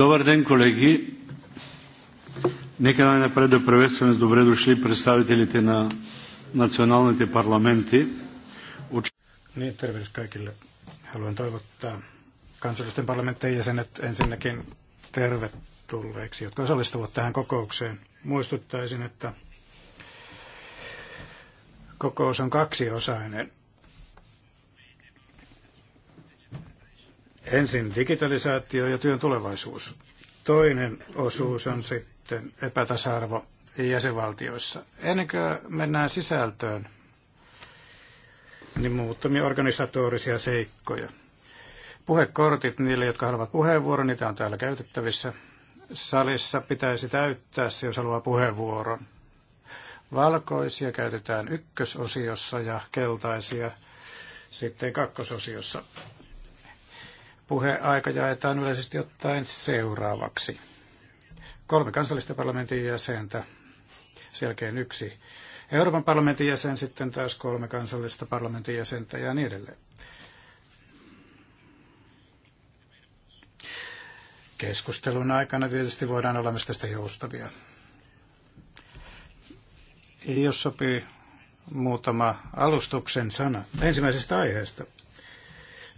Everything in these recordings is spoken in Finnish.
Добър ден, колеги! Нека най-напред да приветстваме с добре дошли представителите на националните парламенти. Niin, tervehdys kaikille. Haluan toivottaa kansallisten parlamenttien jäsenet ensinnäkin tervetulleeksi, jotka osallistuvat tähän kokoukseen. Muistuttaisin, että kokous on kaksiosainen. Ensin digitalisaatio ja työn tulevaisuus. Toinen osuus on sitten epätasa-arvo jäsenvaltioissa. Ennen kuin mennään sisältöön, niin muuttamia organisatorisia seikkoja. Puhekortit niille, jotka haluavat puheenvuoron, niitä on täällä käytettävissä. Salissa pitäisi täyttää se, jos haluaa puheenvuoron. Valkoisia käytetään ykkösosiossa ja keltaisia sitten kakkososiossa. Puheaika jaetaan yleisesti ottaen seuraavaksi. Kolme kansallista parlamentin jäsentä, selkeän yksi Euroopan parlamentin jäsen, sitten taas kolme kansallista parlamentin jäsentä ja niin edelleen. Keskustelun aikana tietysti voidaan olla myös tästä joustavia. Jos sopii muutama alustuksen sana ensimmäisestä aiheesta –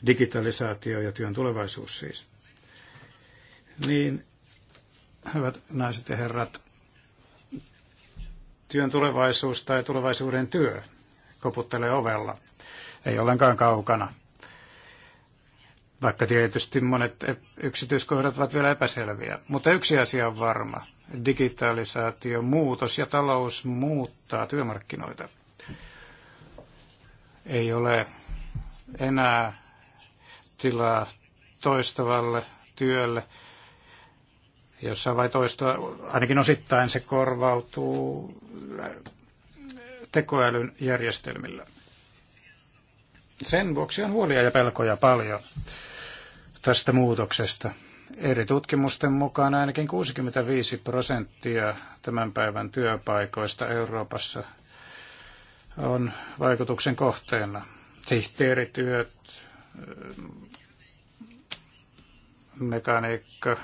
digitalisaatio ja työn tulevaisuus siis. Niin, hyvät naiset ja herrat, työn tulevaisuus tai tulevaisuuden työ koputtelee ovella. Ei ollenkaan kaukana. Vaikka tietysti monet e- yksityiskohdat ovat vielä epäselviä. Mutta yksi asia on varma. Digitalisaatio, muutos ja talous muuttaa työmarkkinoita. Ei ole enää tilaa toistavalle työlle, jossa vai toistoa, toista, ainakin osittain se korvautuu tekoälyn järjestelmillä. Sen vuoksi on huolia ja pelkoja paljon tästä muutoksesta. Eri tutkimusten mukaan ainakin 65 prosenttia tämän päivän työpaikoista Euroopassa on vaikutuksen kohteena. Sihteerityöt, mekaniikka,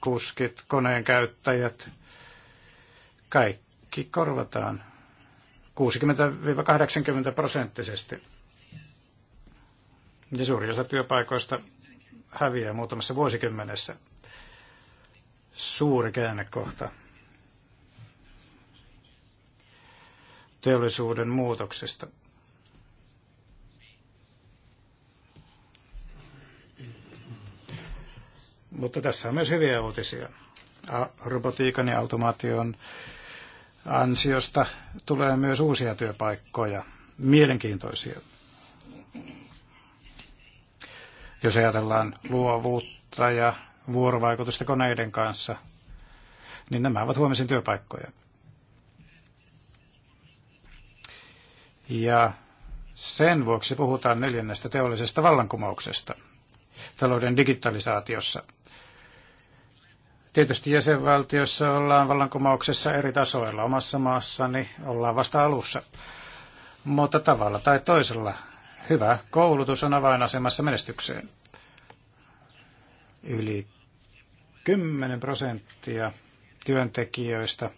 kuskit, koneen käyttäjät, kaikki korvataan 60-80 prosenttisesti. Ja suuri osa työpaikoista häviää muutamassa vuosikymmenessä. Suuri käännekohta teollisuuden muutoksesta. Mutta tässä on myös hyviä uutisia. Robotiikan ja automaation ansiosta tulee myös uusia työpaikkoja, mielenkiintoisia. Jos ajatellaan luovuutta ja vuorovaikutusta koneiden kanssa, niin nämä ovat huomisen työpaikkoja. Ja sen vuoksi puhutaan neljännestä teollisesta vallankumouksesta talouden digitalisaatiossa – Tietysti jäsenvaltiossa ollaan vallankumouksessa eri tasoilla. Omassa maassani ollaan vasta alussa. Mutta tavalla tai toisella hyvä koulutus on avainasemassa menestykseen. Yli 10 prosenttia työntekijöistä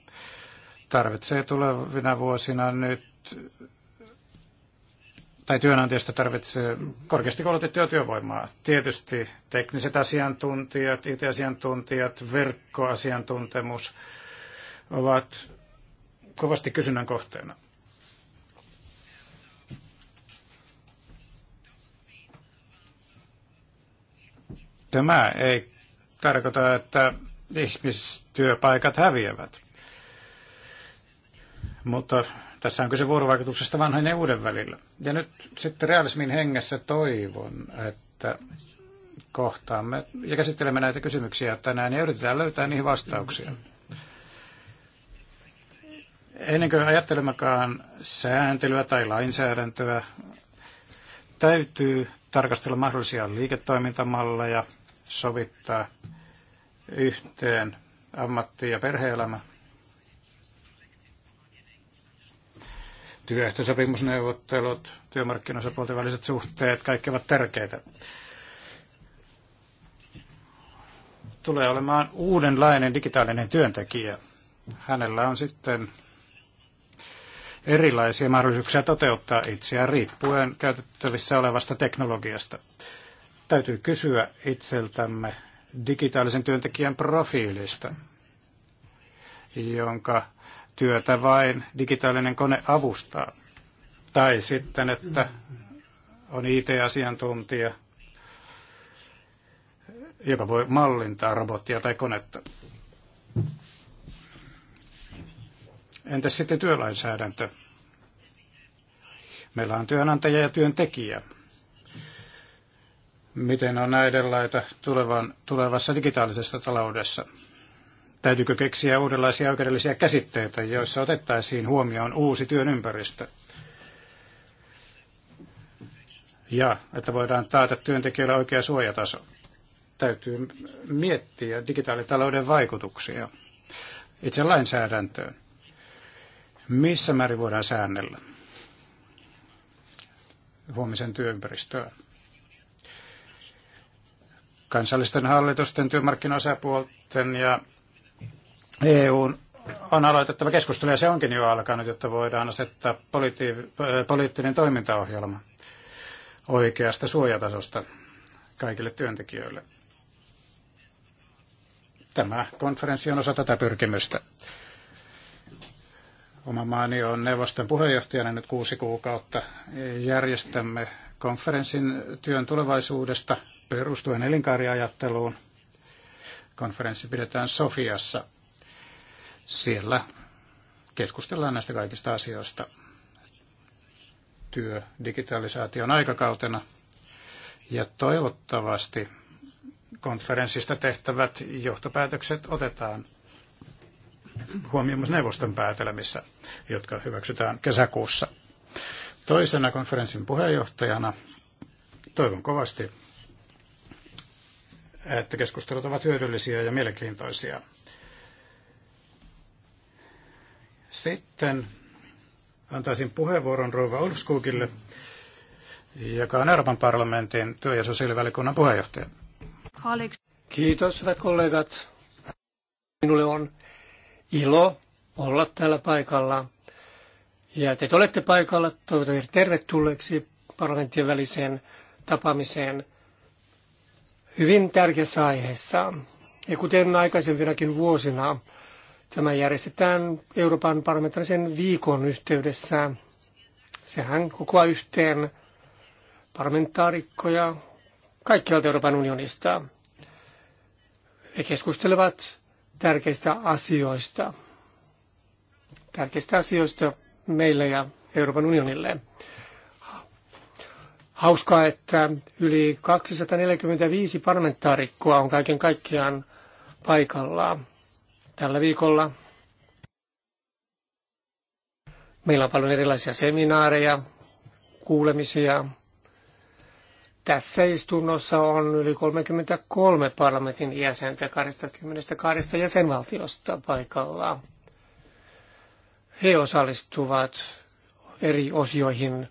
tarvitsee tulevina vuosina nyt tai työnantajasta tarvitsee korkeasti koulutettua työvoimaa. Tietysti tekniset asiantuntijat, IT-asiantuntijat, verkkoasiantuntemus ovat kovasti kysynnän kohteena. Tämä ei tarkoita, että ihmistyöpaikat häviävät, mutta tässä on kyse vuorovaikutuksesta vanhan ja uuden välillä. Ja nyt sitten realismin hengessä toivon, että kohtaamme ja käsittelemme näitä kysymyksiä tänään ja yritetään löytää niihin vastauksia. Ennen kuin ajattelemmekaan sääntelyä tai lainsäädäntöä, täytyy tarkastella mahdollisia liiketoimintamalleja, sovittaa yhteen ammatti- ja perheelämä – työehtosopimusneuvottelut, työmarkkinoisapuolten väliset suhteet, kaikki ovat tärkeitä. Tulee olemaan uudenlainen digitaalinen työntekijä. Hänellä on sitten erilaisia mahdollisuuksia toteuttaa itseään riippuen käytettävissä olevasta teknologiasta. Täytyy kysyä itseltämme digitaalisen työntekijän profiilista, jonka työtä vain digitaalinen kone avustaa. Tai sitten, että on IT-asiantuntija, joka voi mallintaa robottia tai konetta. Entäs sitten työlainsäädäntö? Meillä on työnantaja ja työntekijä. Miten on näiden laita tulevan, tulevassa digitaalisessa taloudessa? Täytyykö keksiä uudenlaisia oikeudellisia käsitteitä, joissa otettaisiin huomioon uusi työn ympäristö? Ja että voidaan taata työntekijöille oikea suojataso. Täytyy miettiä digitaalitalouden vaikutuksia itse lainsäädäntöön. Missä määrin voidaan säännellä huomisen työympäristöä? Kansallisten hallitusten, työmarkkinaosapuolten ja EU on aloitettava keskustelu, ja se onkin jo alkanut, jotta voidaan asettaa poliittinen toimintaohjelma oikeasta suojatasosta kaikille työntekijöille. Tämä konferenssi on osa tätä pyrkimystä. Oma maani on neuvoston puheenjohtajana nyt kuusi kuukautta. Järjestämme konferenssin työn tulevaisuudesta perustuen elinkaariajatteluun. Konferenssi pidetään Sofiassa – siellä keskustellaan näistä kaikista asioista työ digitalisaation aikakautena. Ja toivottavasti konferenssista tehtävät johtopäätökset otetaan huomioon myös neuvoston päätelmissä, jotka hyväksytään kesäkuussa. Toisena konferenssin puheenjohtajana toivon kovasti, että keskustelut ovat hyödyllisiä ja mielenkiintoisia. Sitten antaisin puheenvuoron Rouva Ulfskugille, joka on Euroopan parlamentin työ- ja sosiaalivälikunnan puheenjohtaja. Kiitos, hyvät kollegat. Minulle on ilo olla täällä paikalla. Ja te olette paikalla, toivotan tervetulleeksi parlamenttien väliseen tapaamiseen hyvin tärkeässä aiheessa. Ja kuten aikaisempinakin vuosina, Tämä järjestetään Euroopan parlamentaarisen viikon yhteydessä. Sehän kokoaa yhteen parlamentaarikkoja kaikkialta Euroopan unionista. He keskustelevat tärkeistä asioista. Tärkeistä asioista meille ja Euroopan unionille. Hauskaa, että yli 245 parlamentaarikkoa on kaiken kaikkiaan paikallaan tällä viikolla. Meillä on paljon erilaisia seminaareja, kuulemisia. Tässä istunnossa on yli 33 parlamentin jäsentä 22 jäsenvaltiosta paikalla. He osallistuvat eri osioihin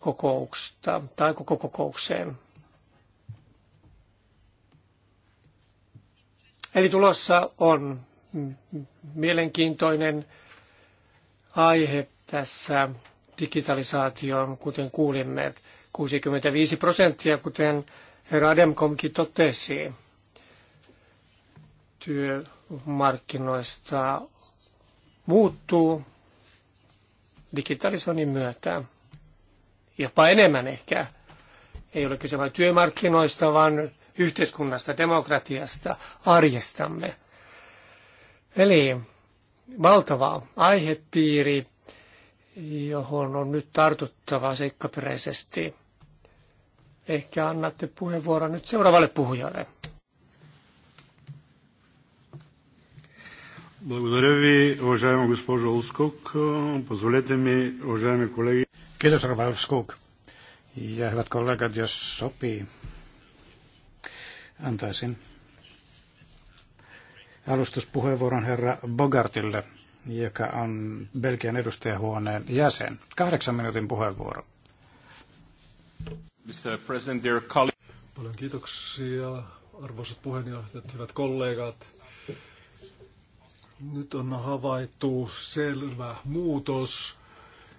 kokouksesta tai koko kokoukseen. Eli tulossa on mielenkiintoinen aihe tässä digitalisaation, kuten kuulimme, 65 prosenttia, kuten herra Ademkomkin totesi, työmarkkinoista muuttuu digitalisoinnin myötä. Jopa enemmän ehkä. Ei ole kyse vain työmarkkinoista, vaan yhteiskunnasta, demokratiasta, arjestamme. Eli valtava aihepiiri, johon on nyt tartuttava seikkaperäisesti. Ehkä annatte puheenvuoron nyt seuraavalle puhujalle. Kiitos, Rova Olskok. Ja hyvät kollegat, jos sopii, antaisin alustuspuheenvuoron herra Bogartille, joka on Belgian edustajahuoneen jäsen. Kahdeksan minuutin puheenvuoro. Mr. President, dear Paljon kiitoksia, arvoisat puheenjohtajat, hyvät kollegat. Nyt on havaittu selvä muutos,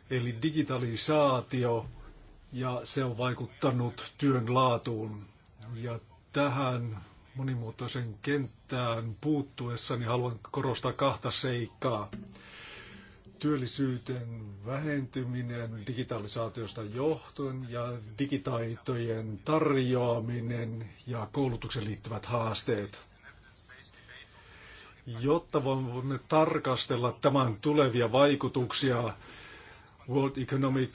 eli digitalisaatio, ja se on vaikuttanut työn laatuun. Ja tähän monimuotoisen kenttään puuttuessa, niin haluan korostaa kahta seikkaa. Työllisyyden vähentyminen digitalisaatiosta johtuen ja digitaitojen tarjoaminen ja koulutuksen liittyvät haasteet. Jotta voimme tarkastella tämän tulevia vaikutuksia, World Economic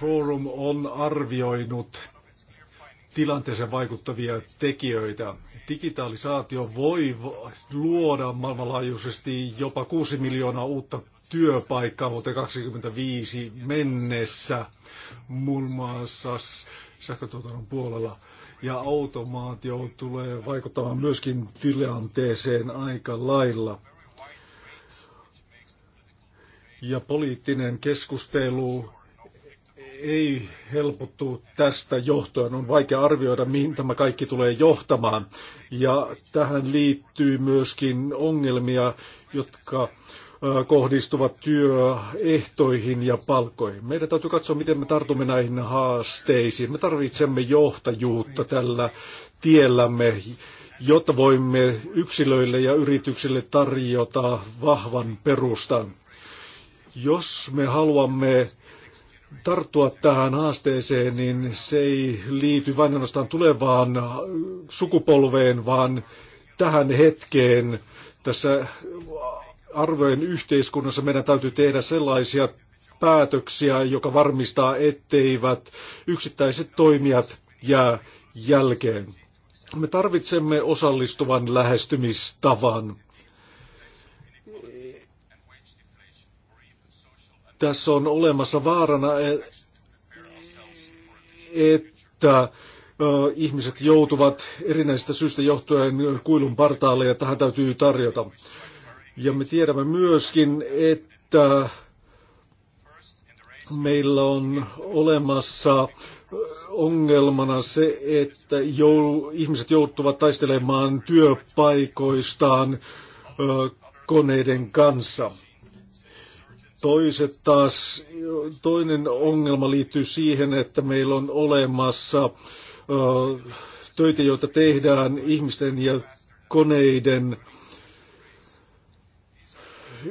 Forum on arvioinut tilanteeseen vaikuttavia tekijöitä. Digitalisaatio voi luoda maailmanlaajuisesti jopa 6 miljoonaa uutta työpaikkaa vuoteen 2025 mennessä, muun muassa sähkötuotannon puolella. Ja automaatio tulee vaikuttamaan myöskin tilanteeseen aika lailla. Ja poliittinen keskustelu ei helpottu tästä johtoon. On vaikea arvioida, mihin tämä kaikki tulee johtamaan. Ja tähän liittyy myöskin ongelmia, jotka kohdistuvat työehtoihin ja palkoihin. Meidän täytyy katsoa, miten me tartumme näihin haasteisiin. Me tarvitsemme johtajuutta tällä tiellämme, jotta voimme yksilöille ja yrityksille tarjota vahvan perustan. Jos me haluamme tarttua tähän haasteeseen, niin se ei liity vain ainoastaan tulevaan sukupolveen, vaan tähän hetkeen tässä arvojen yhteiskunnassa meidän täytyy tehdä sellaisia päätöksiä, joka varmistaa, etteivät yksittäiset toimijat jää jälkeen. Me tarvitsemme osallistuvan lähestymistavan. tässä on olemassa vaarana, e- että ihmiset joutuvat erinäisistä syistä johtuen kuilun partaalle ja tähän täytyy tarjota. Ja me tiedämme myöskin, että meillä on olemassa ongelmana se, että jou, ihmiset joutuvat taistelemaan työpaikoistaan koneiden kanssa. Toiset taas, toinen ongelma liittyy siihen, että meillä on olemassa ö, töitä, joita tehdään ihmisten ja koneiden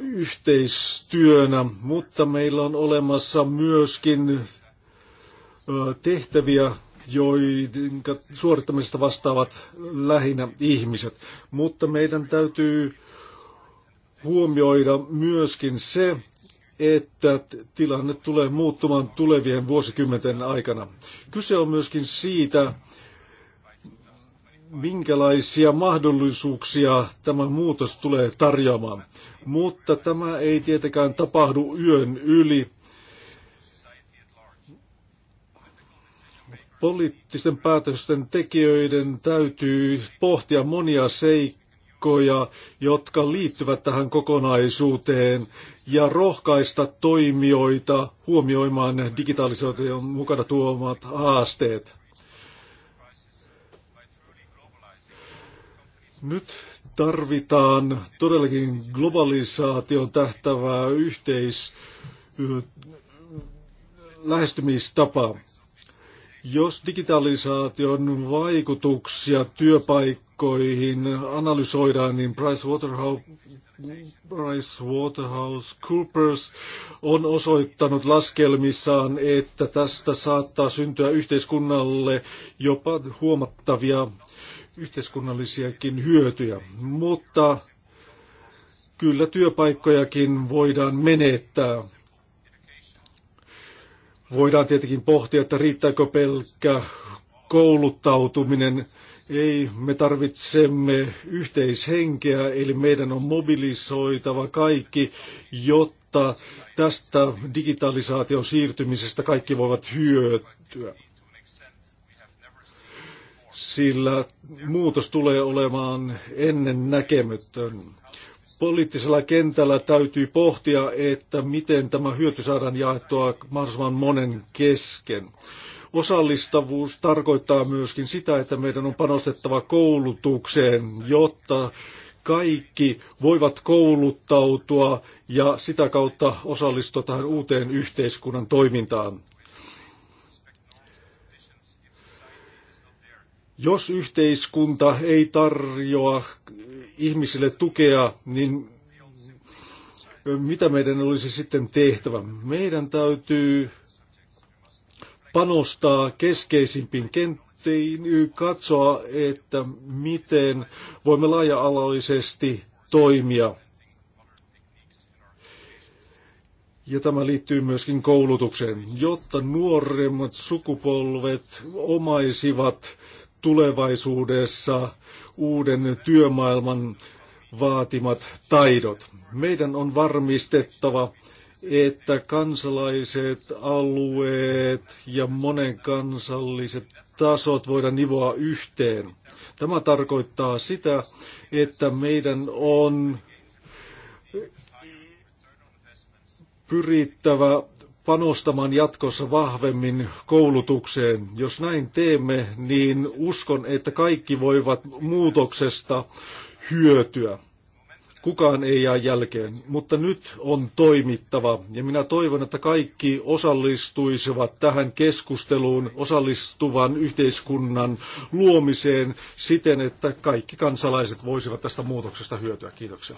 yhteistyönä, mutta meillä on olemassa myöskin tehtäviä, joiden suorittamisesta vastaavat lähinnä ihmiset. Mutta meidän täytyy huomioida myöskin se, että tilanne tulee muuttumaan tulevien vuosikymmenten aikana. Kyse on myöskin siitä, minkälaisia mahdollisuuksia tämä muutos tulee tarjoamaan. Mutta tämä ei tietenkään tapahdu yön yli. Poliittisten päätösten tekijöiden täytyy pohtia monia seikkoja, jotka liittyvät tähän kokonaisuuteen ja rohkaista toimijoita huomioimaan digitalisaation mukana tuomat haasteet. Nyt tarvitaan todellakin globalisaation tähtävää yhteis lähestymistapa. Jos digitalisaation vaikutuksia työpaikkoihin analysoidaan, niin Price Waterhouse Waterhouse Cooper's on osoittanut laskelmissaan, että tästä saattaa syntyä yhteiskunnalle jopa huomattavia yhteiskunnallisiakin hyötyjä. Mutta kyllä työpaikkojakin voidaan menettää. Voidaan tietenkin pohtia, että riittääkö pelkkä kouluttautuminen – ei, me tarvitsemme yhteishenkeä, eli meidän on mobilisoitava kaikki, jotta tästä digitalisaation siirtymisestä kaikki voivat hyötyä. Sillä muutos tulee olemaan ennen näkemätön. Poliittisella kentällä täytyy pohtia, että miten tämä hyöty saadaan jaettua mahdollisimman monen kesken. Osallistavuus tarkoittaa myöskin sitä, että meidän on panostettava koulutukseen, jotta kaikki voivat kouluttautua ja sitä kautta osallistua tähän uuteen yhteiskunnan toimintaan. Jos yhteiskunta ei tarjoa ihmisille tukea, niin mitä meidän olisi sitten tehtävä? Meidän täytyy panostaa keskeisimpiin kenttiin, katsoa, että miten voimme laaja-alaisesti toimia. Ja tämä liittyy myöskin koulutukseen, jotta nuoremmat sukupolvet omaisivat tulevaisuudessa uuden työmaailman vaatimat taidot. Meidän on varmistettava, että kansalaiset, alueet ja monen kansalliset tasot voidaan nivoa yhteen. Tämä tarkoittaa sitä, että meidän on pyrittävä panostamaan jatkossa vahvemmin koulutukseen. Jos näin teemme, niin uskon, että kaikki voivat muutoksesta hyötyä. Kukaan ei jää jälkeen, mutta nyt on toimittava ja minä toivon, että kaikki osallistuisivat tähän keskusteluun, osallistuvan yhteiskunnan luomiseen siten, että kaikki kansalaiset voisivat tästä muutoksesta hyötyä. Kiitoksia.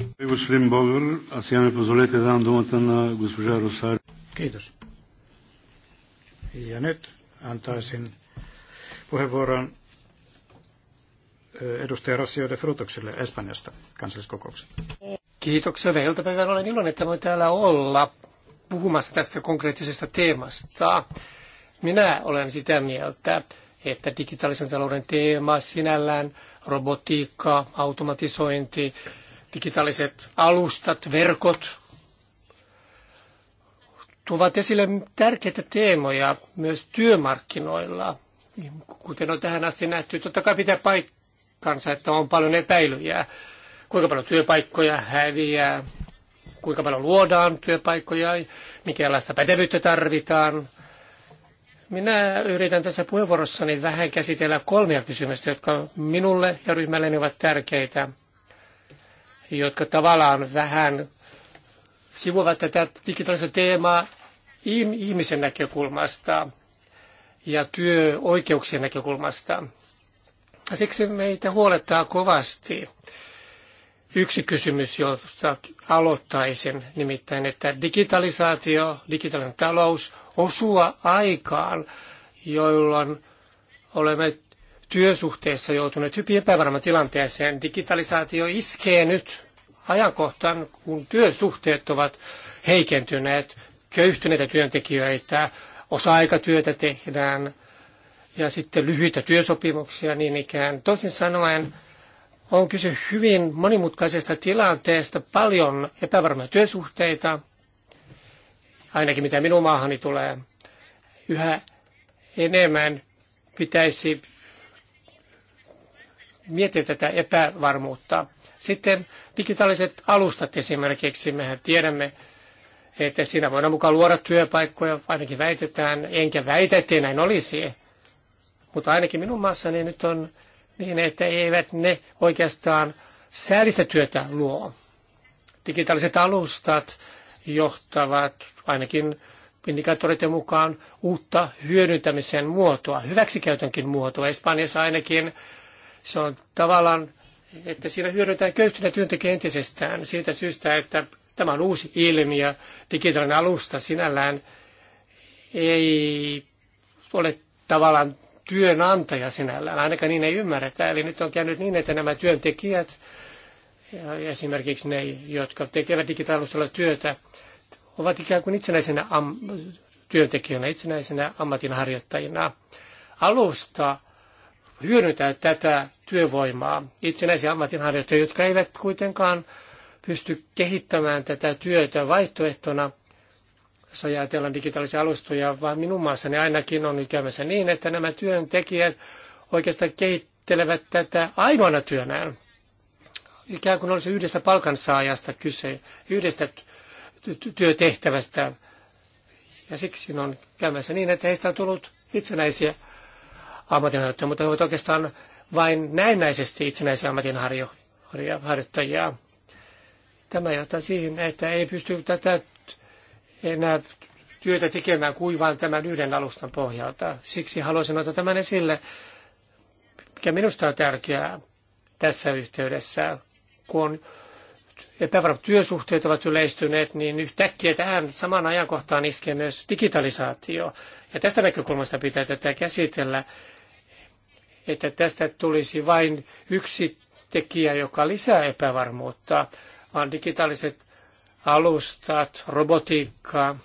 Kiitos. Ja nyt antaisin puheenvuoron edustaja Rossio de Frutukselle Espanjasta kansalliskokouksesta. Kiitoksia. Hyvää iltapäivää. Olen iloinen, että voin täällä olla puhumassa tästä konkreettisesta teemasta. Minä olen sitä mieltä, että digitaalisen talouden teema sinällään, robotiikka, automatisointi, digitaaliset alustat, verkot, tuovat esille tärkeitä teemoja myös työmarkkinoilla, kuten on tähän asti nähty. Totta kai pitää paikkaa paikkansa, että on paljon epäilyjä. Kuinka paljon työpaikkoja häviää, kuinka paljon luodaan työpaikkoja, mikälaista pätevyyttä tarvitaan. Minä yritän tässä puheenvuorossani vähän käsitellä kolmea kysymystä, jotka minulle ja ryhmälleni ovat tärkeitä, jotka tavallaan vähän sivuvat tätä digitaalista teemaa ihmisen näkökulmasta ja työoikeuksien näkökulmasta. Ja siksi meitä huolettaa kovasti yksi kysymys, josta aloittaisin, nimittäin, että digitalisaatio, digitaalinen talous osua aikaan, jolloin olemme työsuhteessa joutuneet hyvin epävarmaan tilanteeseen. Digitalisaatio iskee nyt ajankohtaan, kun työsuhteet ovat heikentyneet, köyhtyneitä työntekijöitä, osa-aikatyötä tehdään, ja sitten lyhyitä työsopimuksia niin ikään. Toisin sanoen on kyse hyvin monimutkaisesta tilanteesta, paljon epävarmoja työsuhteita, ainakin mitä minun maahani tulee. Yhä enemmän pitäisi miettiä tätä epävarmuutta. Sitten digitaaliset alustat esimerkiksi, mehän tiedämme, että siinä voidaan mukaan luoda työpaikkoja, ainakin väitetään, enkä väitä, ettei näin olisi. Mutta ainakin minun maassani nyt on niin, että eivät ne oikeastaan säällistä työtä luo. Digitaaliset alustat johtavat ainakin indikaattoreiden mukaan uutta hyödyntämisen muotoa, hyväksikäytönkin muotoa. Espanjassa ainakin se on tavallaan, että siinä hyödyntää köyhtynä työntekijä entisestään siitä syystä, että tämä on uusi ilmiö, digitaalinen alusta sinällään ei ole tavallaan työnantaja sinällään, ainakaan niin ei ymmärretä. Eli nyt on käynyt niin, että nämä työntekijät, esimerkiksi ne, jotka tekevät digitaalisella työtä, ovat ikään kuin itsenäisenä am- työntekijöinä, itsenäisenä ammatinharjoittajina. Alusta hyödyntää tätä työvoimaa, itsenäisiä ammatinharjoittajia, jotka eivät kuitenkaan pysty kehittämään tätä työtä vaihtoehtona jos ajatellaan digitaalisia alustoja, vaan minun maassani ainakin on nyt käymässä niin, että nämä työntekijät oikeastaan kehittelevät tätä ainoana työnään. Ikään kuin olisi yhdestä palkansaajasta kyse, yhdestä työtehtävästä. Ja siksi on käymässä niin, että heistä on tullut itsenäisiä ammatinharjoittajia, mutta he ovat oikeastaan vain näennäisesti itsenäisiä ammatinharjoittajia. Tämä johtaa siihen, että ei pysty tätä enää työtä tekemään kuin vain tämän yhden alustan pohjalta. Siksi haluaisin ottaa tämän esille, mikä minusta on tärkeää tässä yhteydessä, kun epävarmat työsuhteet ovat yleistyneet, niin yhtäkkiä tähän samaan ajankohtaan iskee myös digitalisaatio. Ja tästä näkökulmasta pitää tätä käsitellä, että tästä tulisi vain yksi tekijä, joka lisää epävarmuutta, vaan digitaaliset alustat, robotiikka,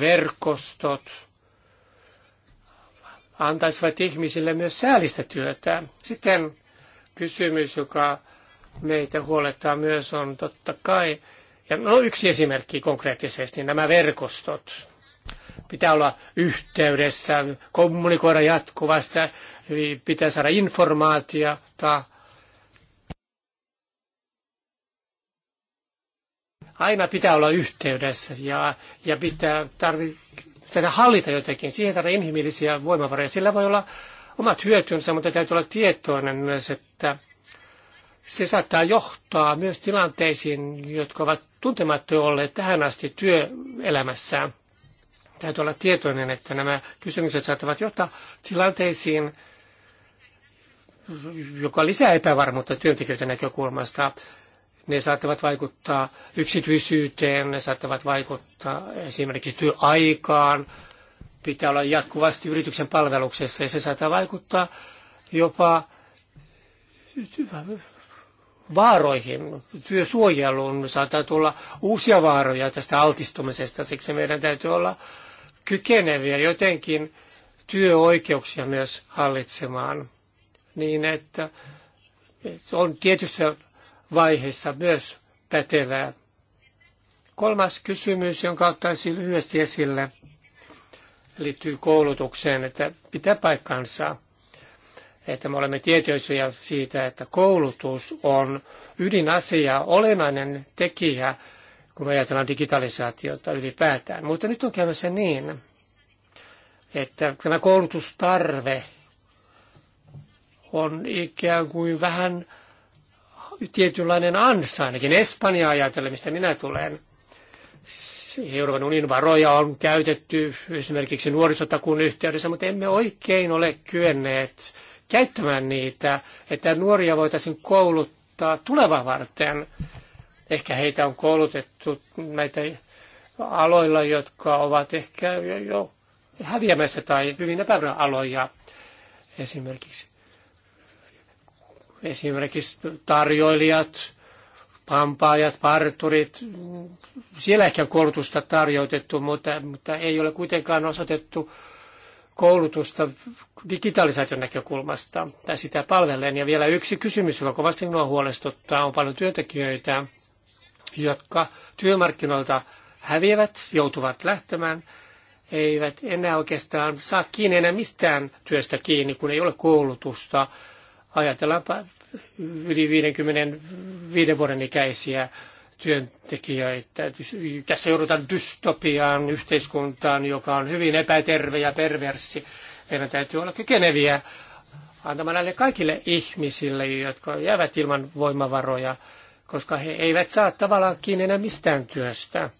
verkostot antaisivat ihmisille myös säällistä työtä. Sitten kysymys, joka meitä huolettaa myös on totta kai, ja no yksi esimerkki konkreettisesti, nämä verkostot. Pitää olla yhteydessä, kommunikoida jatkuvasti, pitää saada informaatiota Aina pitää olla yhteydessä ja, ja pitää tarvi, tätä hallita jotenkin. Siihen tarvitaan inhimillisiä voimavaroja. Sillä voi olla omat hyötynsä, mutta täytyy olla tietoinen myös, että se saattaa johtaa myös tilanteisiin, jotka ovat tuntematta olleet tähän asti työelämässään. Täytyy olla tietoinen, että nämä kysymykset saattavat johtaa tilanteisiin, joka lisää epävarmuutta työntekijöiden näkökulmasta ne saattavat vaikuttaa yksityisyyteen, ne saattavat vaikuttaa esimerkiksi työaikaan, pitää olla jatkuvasti yrityksen palveluksessa ja se saattaa vaikuttaa jopa vaaroihin, työsuojeluun, saattaa tulla uusia vaaroja tästä altistumisesta, siksi meidän täytyy olla kykeneviä jotenkin työoikeuksia myös hallitsemaan niin, että on tietyssä vaiheessa myös pätevää. Kolmas kysymys, jonka ottaisin lyhyesti esille, liittyy koulutukseen, että pitää paikkansa, että me olemme tietoisia siitä, että koulutus on ydinasia, olennainen tekijä, kun ajatellaan digitalisaatiota ylipäätään. Mutta nyt on käymässä niin, että tämä koulutustarve on ikään kuin vähän tietynlainen ansa, ainakin Espanja ajatellen, mistä minä tulen. Euroopan unionin varoja on käytetty esimerkiksi nuorisotakuun yhteydessä, mutta emme oikein ole kyenneet käyttämään niitä, että nuoria voitaisiin kouluttaa tulevaa varten. Ehkä heitä on koulutettu näitä aloilla, jotka ovat ehkä jo häviämässä tai hyvin epävarmoja aloja esimerkiksi Esimerkiksi tarjoilijat, pampaajat, parturit, siellä ehkä koulutusta tarjoutettu, mutta, mutta ei ole kuitenkaan osoitettu koulutusta digitalisaation näkökulmasta tai sitä palvelleen. Ja vielä yksi kysymys, joka kovasti minua huolestuttaa, on paljon työntekijöitä, jotka työmarkkinoilta häviävät, joutuvat lähtemään, eivät enää oikeastaan saa kiinni enää mistään työstä kiinni, kun ei ole koulutusta Ajatellaanpa yli 55 vuoden ikäisiä työntekijöitä. Tässä joudutaan dystopiaan yhteiskuntaan, joka on hyvin epäterve ja perversi. Meidän täytyy olla kykeneviä antamaan näille kaikille ihmisille, jotka jäävät ilman voimavaroja, koska he eivät saa tavallaan kiinni enää mistään työstä.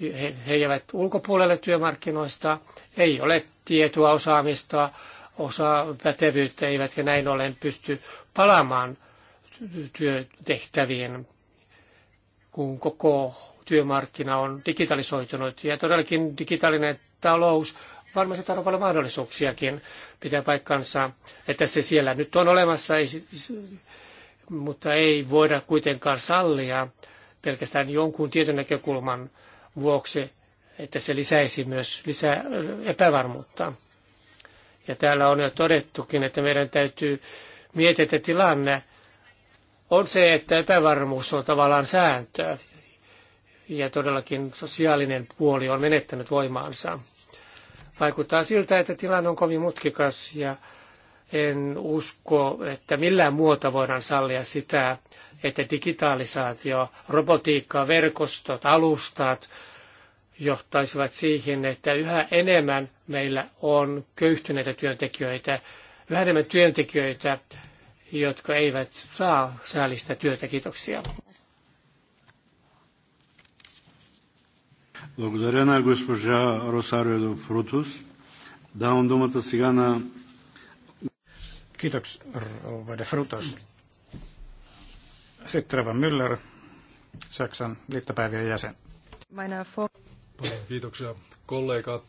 He, he jäävät ulkopuolelle työmarkkinoista, ei ole tietoa, osaamista, osaa pätevyyttä, eivätkä näin ollen pysty palaamaan työtehtäviin, kun koko työmarkkina on digitalisoitunut. Ja todellakin digitaalinen talous varmasti tarjoaa paljon mahdollisuuksiakin pitää paikkansa, että se siellä nyt on olemassa, mutta ei voida kuitenkaan sallia pelkästään jonkun tietyn näkökulman vuoksi, että se lisäisi myös lisää epävarmuutta. Ja täällä on jo todettukin, että meidän täytyy miettiä, että tilanne on se, että epävarmuus on tavallaan sääntö. Ja todellakin sosiaalinen puoli on menettänyt voimaansa. Vaikuttaa siltä, että tilanne on kovin mutkikas ja en usko, että millään muuta voidaan sallia sitä, että digitalisaatio, robotiikka, verkostot, alustat, johtaisivat siihen, että yhä enemmän meillä on köyhtyneitä työntekijöitä, yhä enemmän työntekijöitä, jotka eivät saa säällistä työtä. Kiitoksia. Благодаря на госпожа Росарио Фрутус. Давам думата сега на... Frutos. Sitten Reva Müller, Saksan liittopäivien jäsen kiitoksia. Kollegat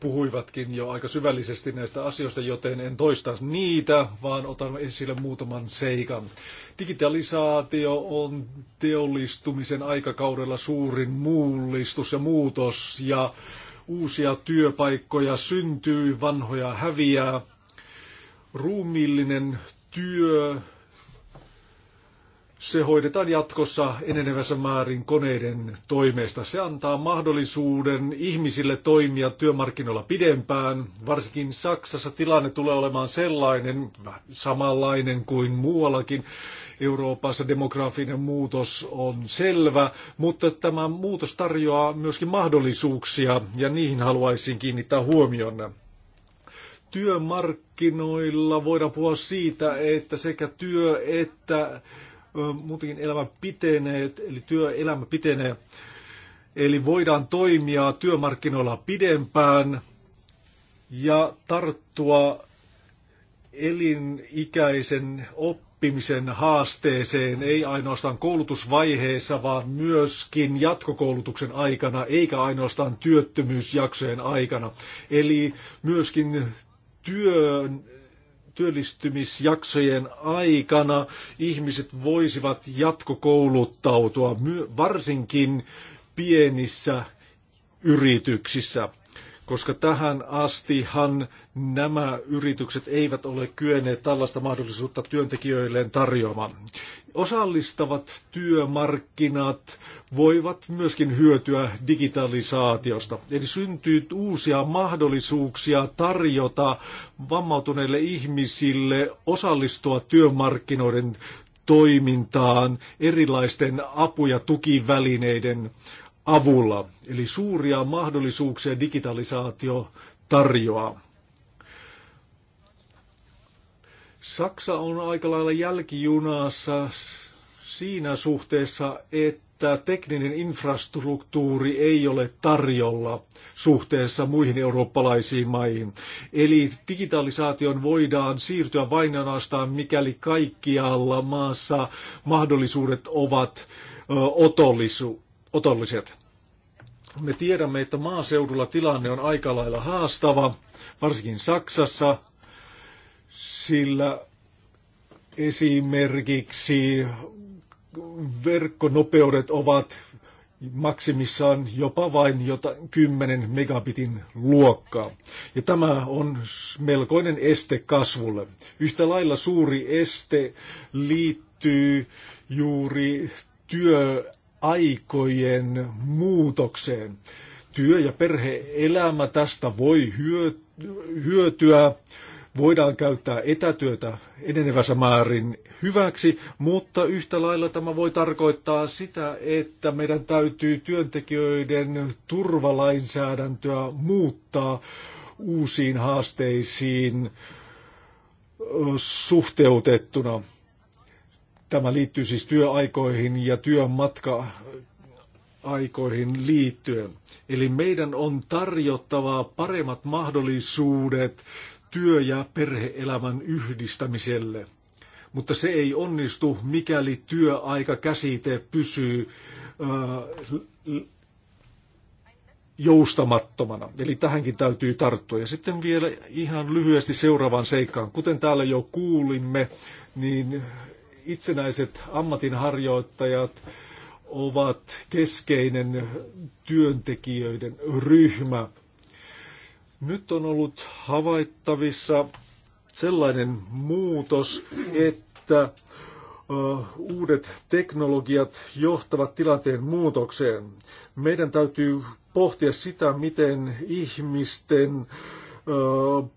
puhuivatkin jo aika syvällisesti näistä asioista, joten en toista niitä, vaan otan esille muutaman seikan. Digitalisaatio on teollistumisen aikakaudella suurin mullistus ja muutos, ja uusia työpaikkoja syntyy, vanhoja häviää. Ruumiillinen työ se hoidetaan jatkossa enenevässä määrin koneiden toimesta. Se antaa mahdollisuuden ihmisille toimia työmarkkinoilla pidempään. Varsinkin Saksassa tilanne tulee olemaan sellainen, samanlainen kuin muuallakin. Euroopassa demografinen muutos on selvä, mutta tämä muutos tarjoaa myöskin mahdollisuuksia ja niihin haluaisin kiinnittää huomioon työmarkkinoilla voidaan puhua siitä, että sekä työ että muutenkin elämä pitenee, eli työelämä pitenee. Eli voidaan toimia työmarkkinoilla pidempään ja tarttua elinikäisen oppimisen haasteeseen, ei ainoastaan koulutusvaiheessa, vaan myöskin jatkokoulutuksen aikana, eikä ainoastaan työttömyysjaksojen aikana. Eli myöskin työn työllistymisjaksojen aikana ihmiset voisivat jatkokouluttautua varsinkin pienissä yrityksissä koska tähän astihan nämä yritykset eivät ole kyenneet tällaista mahdollisuutta työntekijöilleen tarjoamaan. Osallistavat työmarkkinat voivat myöskin hyötyä digitalisaatiosta. Eli syntyy uusia mahdollisuuksia tarjota vammautuneille ihmisille osallistua työmarkkinoiden toimintaan erilaisten apu- ja tukivälineiden avulla. Eli suuria mahdollisuuksia digitalisaatio tarjoaa. Saksa on aika lailla jälkijunassa siinä suhteessa, että tekninen infrastruktuuri ei ole tarjolla suhteessa muihin eurooppalaisiin maihin. Eli digitalisaation voidaan siirtyä vain ainoastaan, mikäli kaikkialla maassa mahdollisuudet ovat otollisu, otolliset. Me tiedämme, että maaseudulla tilanne on aika lailla haastava, varsinkin Saksassa, sillä esimerkiksi verkkonopeudet ovat maksimissaan jopa vain jota 10 megabitin luokkaa. Ja tämä on melkoinen este kasvulle. Yhtä lailla suuri este liittyy juuri työ aikojen muutokseen. Työ- ja perhe elämä tästä voi hyötyä. Voidaan käyttää etätyötä enenevässä määrin hyväksi, mutta yhtä lailla tämä voi tarkoittaa sitä, että meidän täytyy työntekijöiden turvalainsäädäntöä muuttaa uusiin haasteisiin suhteutettuna. Tämä liittyy siis työaikoihin ja työmatka-aikoihin liittyen. Eli meidän on tarjottava paremmat mahdollisuudet työ- ja perheelämän yhdistämiselle. Mutta se ei onnistu, mikäli työaikakäsite pysyy äh, joustamattomana. Eli tähänkin täytyy tarttua. Ja sitten vielä ihan lyhyesti seuraavaan seikkaan. Kuten täällä jo kuulimme, niin itsenäiset ammatinharjoittajat ovat keskeinen työntekijöiden ryhmä. Nyt on ollut havaittavissa sellainen muutos, että uudet teknologiat johtavat tilanteen muutokseen. Meidän täytyy pohtia sitä, miten ihmisten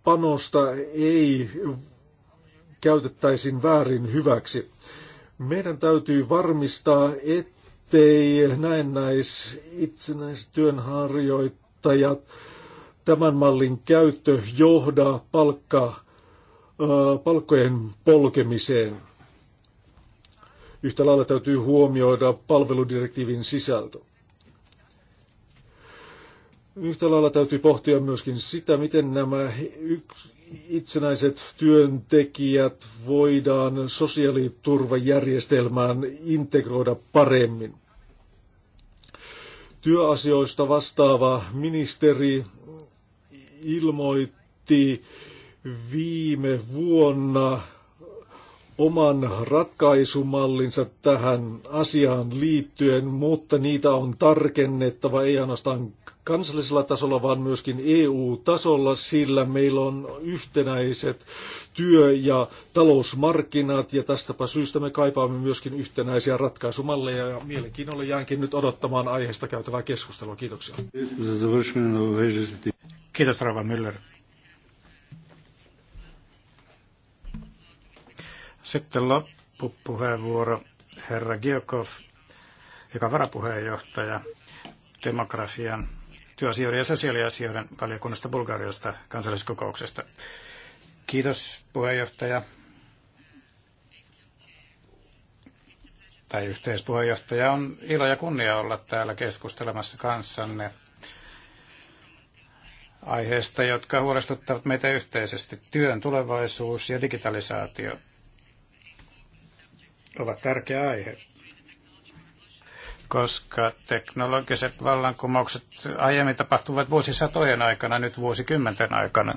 panosta ei käytettäisiin väärin hyväksi. Meidän täytyy varmistaa, ettei näennäis itsenäistyönharjoittajat tämän mallin käyttö johda palkka, palkkojen polkemiseen. Yhtä lailla täytyy huomioida palveludirektiivin sisältö. Yhtä lailla täytyy pohtia myöskin sitä, miten nämä yks, itsenäiset työntekijät voidaan sosiaaliturvajärjestelmään integroida paremmin. Työasioista vastaava ministeri ilmoitti viime vuonna oman ratkaisumallinsa tähän asiaan liittyen, mutta niitä on tarkennettava ei ainoastaan kansallisella tasolla, vaan myöskin EU-tasolla, sillä meillä on yhtenäiset työ- ja talousmarkkinat, ja tästäpä syystä me kaipaamme myöskin yhtenäisiä ratkaisumalleja, ja mielenkiinnolla jäänkin nyt odottamaan aiheesta käytävää keskustelua. Kiitoksia. Kiitos, Rava Müller. Sitten loppupuheenvuoro herra Giokov, joka varapuheenjohtaja demografian, työasioiden ja sosiaaliasioiden valiokunnasta Bulgariasta kansalliskokouksesta. Kiitos puheenjohtaja tai yhteispuheenjohtaja. On ilo ja kunnia olla täällä keskustelemassa kanssanne aiheesta, jotka huolestuttavat meitä yhteisesti, työn tulevaisuus ja digitalisaatio ovat tärkeä aihe koska teknologiset vallankumoukset aiemmin tapahtuvat vuosisatojen aikana, nyt vuosikymmenten aikana.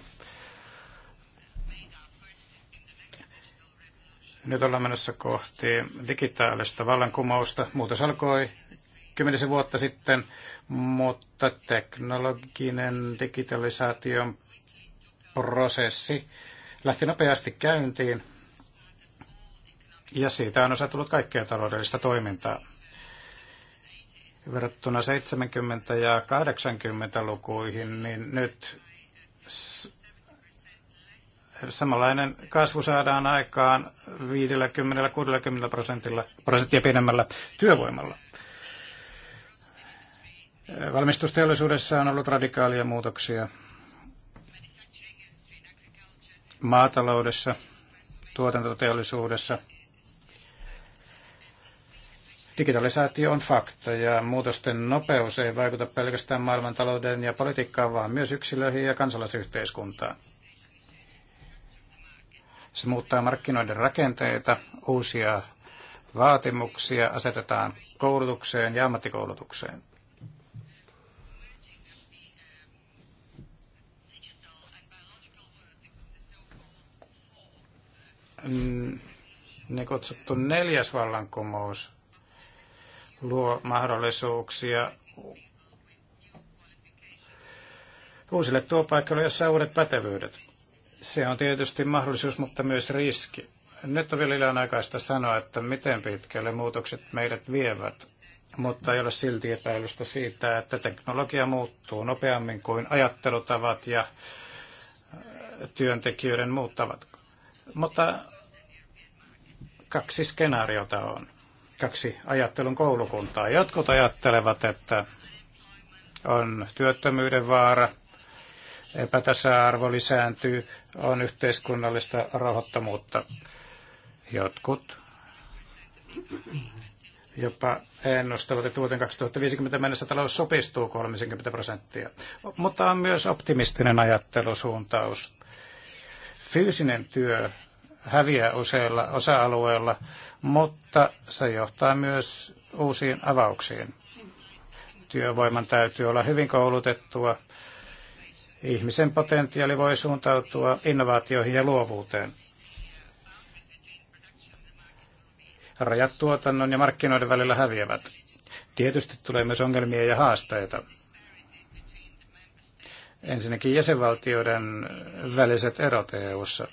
Nyt ollaan menossa kohti digitaalista vallankumousta. Muutos alkoi kymmenisen vuotta sitten, mutta teknologinen digitalisaation prosessi lähti nopeasti käyntiin ja siitä on osa tullut kaikkea taloudellista toimintaa. Verrattuna 70- ja 80-lukuihin, niin nyt samanlainen kasvu saadaan aikaan 50-60 prosentilla, prosenttia pienemmällä työvoimalla. Valmistusteollisuudessa on ollut radikaalia muutoksia. Maataloudessa, tuotantoteollisuudessa – Digitalisaatio on fakta ja muutosten nopeus ei vaikuta pelkästään maailmantalouden ja politiikkaan, vaan myös yksilöihin ja kansalaisyhteiskuntaan. Se muuttaa markkinoiden rakenteita, uusia vaatimuksia asetetaan koulutukseen ja ammattikoulutukseen. Ne niin kutsuttu neljäs vallankumous luo mahdollisuuksia uusille työpaikoille, jossa on uudet pätevyydet. Se on tietysti mahdollisuus, mutta myös riski. Nyt on vielä liian aikaista sanoa, että miten pitkälle muutokset meidät vievät, mutta ei ole silti epäilystä siitä, että teknologia muuttuu nopeammin kuin ajattelutavat ja äh, työntekijöiden muuttavat. Mutta kaksi skenaariota on kaksi ajattelun koulukuntaa. Jotkut ajattelevat, että on työttömyyden vaara, epätasa-arvo lisääntyy, on yhteiskunnallista rahoittamuutta. Jotkut jopa ennustavat, että vuoteen 2050 mennessä talous supistuu 30 prosenttia. Mutta on myös optimistinen ajattelusuuntaus. Fyysinen työ häviää useilla osa-alueilla, mutta se johtaa myös uusiin avauksiin. Työvoiman täytyy olla hyvin koulutettua. Ihmisen potentiaali voi suuntautua innovaatioihin ja luovuuteen. Rajat tuotannon ja markkinoiden välillä häviävät. Tietysti tulee myös ongelmia ja haasteita ensinnäkin jäsenvaltioiden väliset erot EU-ssa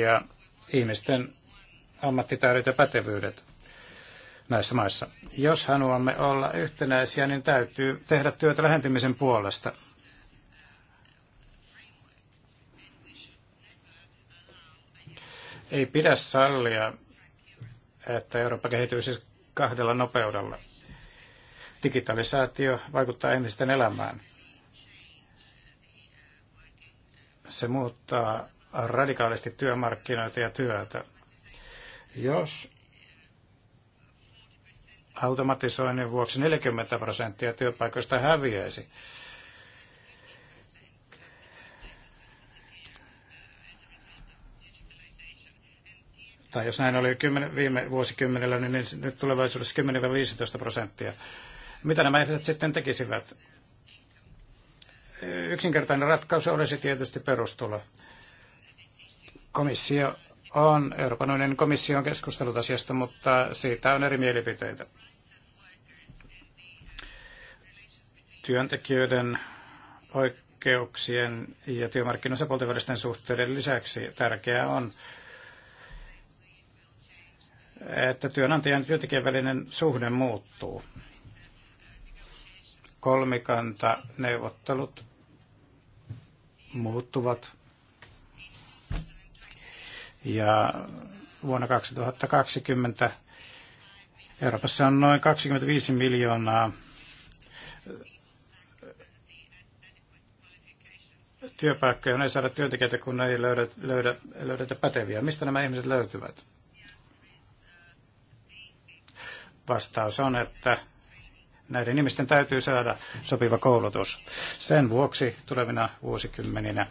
ja ihmisten ammattitaidot ja pätevyydet näissä maissa. Jos haluamme olla yhtenäisiä, niin täytyy tehdä työtä lähentymisen puolesta. Ei pidä sallia, että Eurooppa kehittyisi kahdella nopeudella. Digitalisaatio vaikuttaa ihmisten elämään. Se muuttaa radikaalisti työmarkkinoita ja työtä. Jos automatisoinnin vuoksi 40 prosenttia työpaikoista häviäisi, tai jos näin oli 10, viime vuosikymmenellä, niin nyt tulevaisuudessa 10-15 prosenttia. Mitä nämä ihmiset sitten tekisivät? Yksinkertainen ratkaisu olisi tietysti perustulo. Komissio on, Euroopan unionin komissio on keskustellut asiasta, mutta siitä on eri mielipiteitä. Työntekijöiden oikeuksien ja työmarkkinosapuolten välisten suhteiden lisäksi tärkeää on, että työnantajan ja työntekijän välinen suhde muuttuu. Kolmikanta neuvottelut muuttuvat ja vuonna 2020 Euroopassa on noin 25 miljoonaa äh, työpaikkoja, joihin ei saada työntekijöitä, kun ei löydä, löydä, löydetä päteviä. Mistä nämä ihmiset löytyvät? Vastaus on, että näiden ihmisten täytyy saada sopiva koulutus. Sen vuoksi tulevina vuosikymmeninä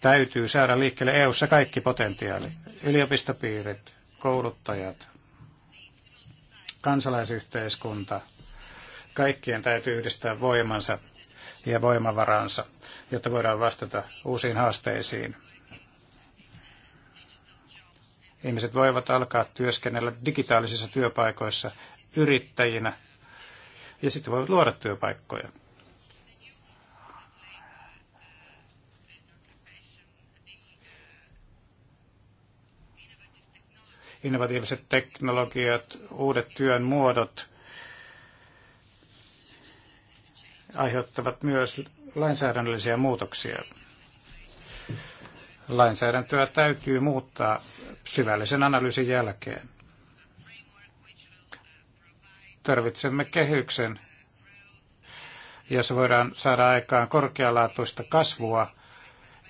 Täytyy saada liikkeelle EU-ssa kaikki potentiaali. Yliopistopiirit, kouluttajat, kansalaisyhteiskunta, kaikkien täytyy yhdistää voimansa ja voimavaransa, jotta voidaan vastata uusiin haasteisiin. Ihmiset voivat alkaa työskennellä digitaalisissa työpaikoissa yrittäjinä ja sitten voivat luoda työpaikkoja. innovatiiviset teknologiat, uudet työn muodot aiheuttavat myös lainsäädännöllisiä muutoksia. Lainsäädäntöä täytyy muuttaa syvällisen analyysin jälkeen. Tarvitsemme kehyksen, jossa voidaan saada aikaan korkealaatuista kasvua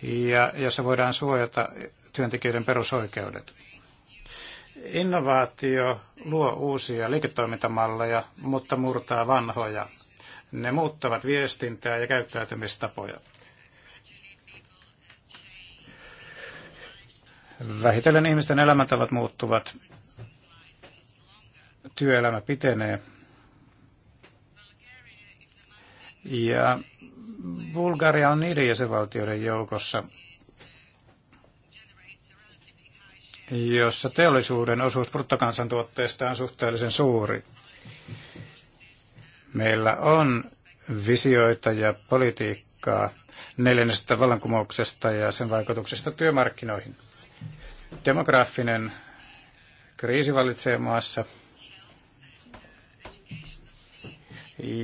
ja jossa voidaan suojata työntekijöiden perusoikeudet. Innovaatio luo uusia liiketoimintamalleja, mutta murtaa vanhoja. Ne muuttavat viestintää ja käyttäytymistapoja. Vähitellen ihmisten elämäntavat muuttuvat, työelämä pitenee ja Bulgaria on niiden jäsenvaltioiden joukossa, jossa teollisuuden osuus bruttokansantuotteesta on suhteellisen suuri. Meillä on visioita ja politiikkaa neljännestä vallankumouksesta ja sen vaikutuksesta työmarkkinoihin. Demograafinen kriisi valitsee maassa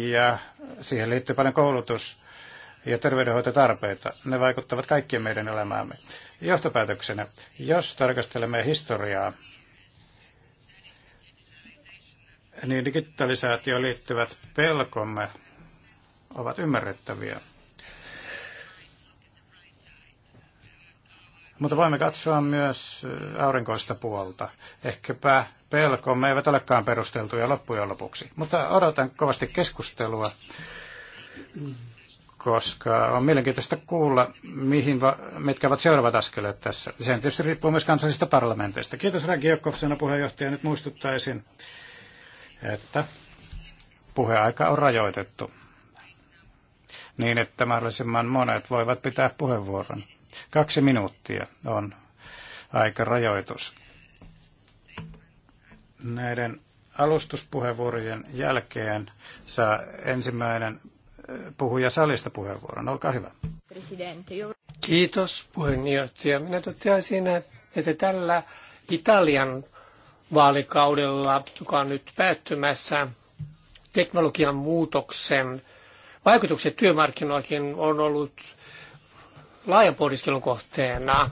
ja siihen liittyy paljon koulutus- ja terveydenhoitotarpeita. Ne vaikuttavat kaikkien meidän elämäämme. Johtopäätöksenä, jos tarkastelemme historiaa, niin digitalisaatioon liittyvät pelkomme ovat ymmärrettäviä. Mutta voimme katsoa myös äh, aurinkoista puolta. Ehkäpä pelkomme eivät olekaan perusteltuja loppujen lopuksi. Mutta odotan kovasti keskustelua koska on mielenkiintoista kuulla, mihin va, mitkä ovat seuraavat askeleet tässä. Sen tietysti riippuu myös kansallisista parlamenteista. Kiitos Ragiokkovsena puheenjohtaja. Nyt muistuttaisin, että puheaika on rajoitettu niin, että mahdollisimman monet voivat pitää puheenvuoron. Kaksi minuuttia on aika rajoitus. Näiden alustuspuheenvuorojen jälkeen saa ensimmäinen puhuja salista puheenvuoron. Olkaa hyvä. Kiitos puheenjohtaja. Minä toteaisin, että tällä Italian vaalikaudella, joka on nyt päättymässä, teknologian muutoksen vaikutukset työmarkkinoihin on ollut laajan pohdiskelun kohteena.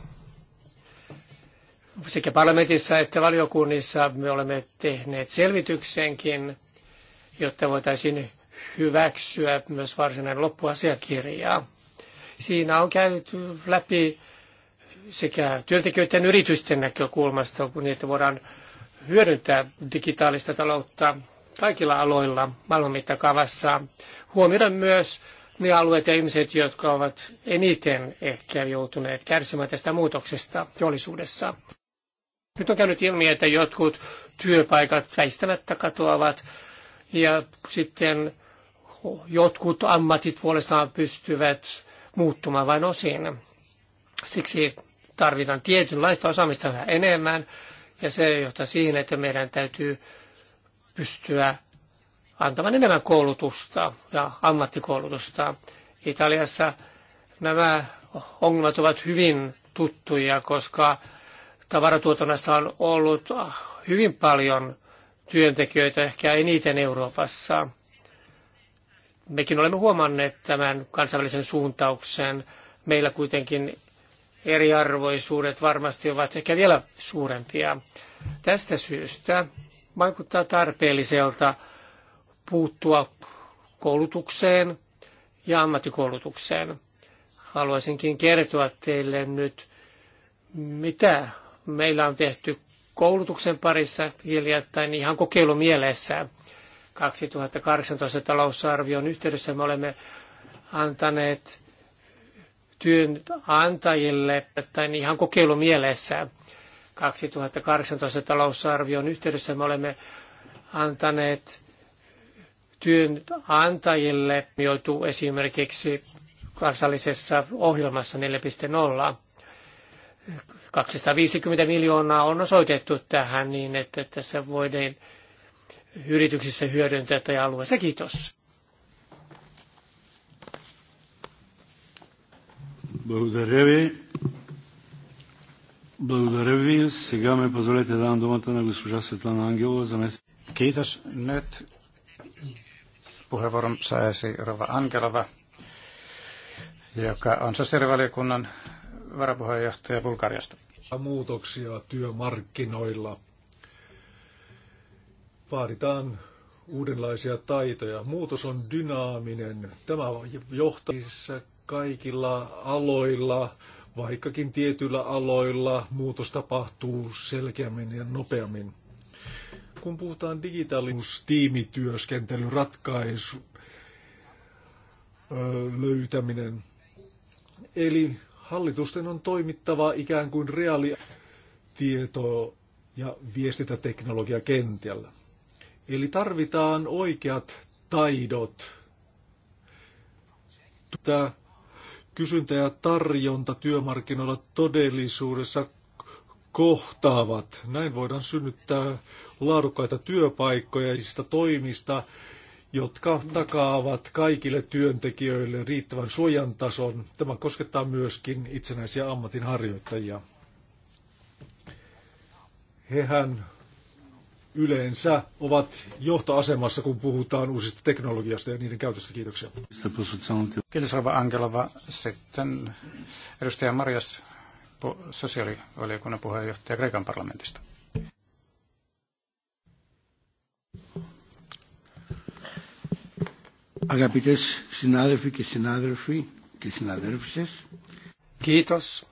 Sekä parlamentissa että valiokunnissa me olemme tehneet selvityksenkin, jotta voitaisiin hyväksyä myös varsinainen loppuasiakirja. Siinä on käyty läpi sekä työntekijöiden yritysten näkökulmasta, kun niitä voidaan hyödyntää digitaalista taloutta kaikilla aloilla maailman mittakaavassa. Huomioida myös ne alueet ja ihmiset, jotka ovat eniten ehkä joutuneet kärsimään tästä muutoksesta teollisuudessa. Nyt on käynyt ilmi, että jotkut työpaikat väistämättä katoavat ja sitten jotkut ammatit puolestaan pystyvät muuttumaan vain osin. Siksi tarvitaan tietynlaista osaamista vähän enemmän, ja se johtaa siihen, että meidän täytyy pystyä antamaan enemmän koulutusta ja ammattikoulutusta. Italiassa nämä ongelmat ovat hyvin tuttuja, koska tavaratuotannossa on ollut hyvin paljon työntekijöitä, ehkä eniten Euroopassa – mekin olemme huomanneet tämän kansainvälisen suuntauksen. Meillä kuitenkin eriarvoisuudet varmasti ovat ehkä vielä suurempia. Tästä syystä vaikuttaa tarpeelliselta puuttua koulutukseen ja ammattikoulutukseen. Haluaisinkin kertoa teille nyt, mitä meillä on tehty koulutuksen parissa hiljattain ihan kokeilumielessä. mielessä 2018 talousarvion yhteydessä me olemme antaneet työnantajille, tai niin ihan kokeilumielessä 2018 talousarvion yhteydessä me olemme antaneet työnantajille, joutuu esimerkiksi kansallisessa ohjelmassa 4.0. 250 miljoonaa on osoitettu tähän niin, että tässä voidaan yrityksissä hyödyntää tai alueessa. Kiitos. Благодаря Благодаря ви. Сега ме позволете да дам думата на госпожа Светлана Ангелова, Kiitos. Nyt puheenvuoron saisi Rova Angelova, joka on sosiaalivaliokunnan varapuheenjohtaja Bulgariasta. Muutoksia työmarkkinoilla Vaaditaan uudenlaisia taitoja. Muutos on dynaaminen. Tämä johtaa kaikilla aloilla, vaikkakin tietyillä aloilla muutos tapahtuu selkeämmin ja nopeammin. Kun puhutaan digitaalisuustiimityöskentely, ratkaisu, löytäminen. Eli hallitusten on toimittava ikään kuin reaalitieto- ja viestintäteknologia kentällä. Eli tarvitaan oikeat taidot. Tämä kysyntä ja tarjonta työmarkkinoilla todellisuudessa kohtaavat. Näin voidaan synnyttää laadukkaita työpaikkoja ja toimista, jotka takaavat kaikille työntekijöille riittävän suojan tason. Tämä koskettaa myöskin itsenäisiä ammatinharjoittajia. Hehän yleensä ovat johtoasemassa, kun puhutaan uusista teknologiasta ja niiden käytöstä. Kiitoksia. Kiitos Rova Angelova. Sitten edustaja Marjas, sosiaalivaliokunnan puheenjohtaja Kreikan parlamentista. Agapites sinadelfi, και συνάδελφοι Kiitos.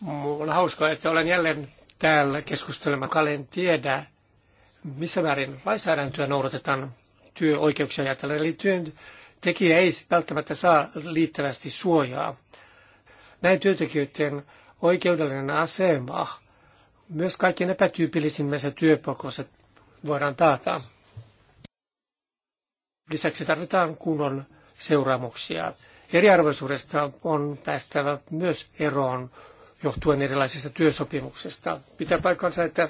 Mulla on hauskaa, että olen jälleen täällä keskustelemakaan Kalen tiedä, missä määrin lainsäädäntöä noudatetaan työoikeuksia ajatellen. Eli työntekijä ei välttämättä saa liittävästi suojaa. Näin työntekijöiden oikeudellinen asema myös kaikkein epätyypillisimmässä työpaikoissa voidaan taata. Lisäksi tarvitaan kunnon seuraamuksia. Eriarvoisuudesta on päästävä myös eroon johtuen erilaisista työsopimuksista. Pitää paikkansa, että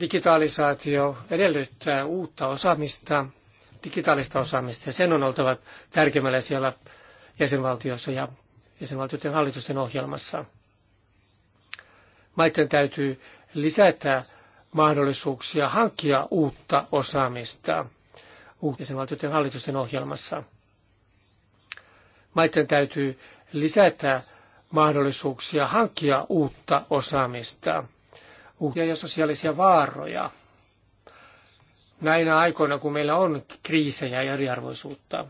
digitalisaatio edellyttää uutta osaamista, digitaalista osaamista, ja sen on oltava tärkeimmällä siellä jäsenvaltioissa ja jäsenvaltioiden hallitusten ohjelmassa. Maiden täytyy lisätä mahdollisuuksia hankkia uutta osaamista jäsenvaltioiden hallitusten ohjelmassa. Maiden täytyy lisätä mahdollisuuksia hankkia uutta osaamista uhkia ja sosiaalisia vaaroja näinä aikoina, kun meillä on kriisejä ja eriarvoisuutta.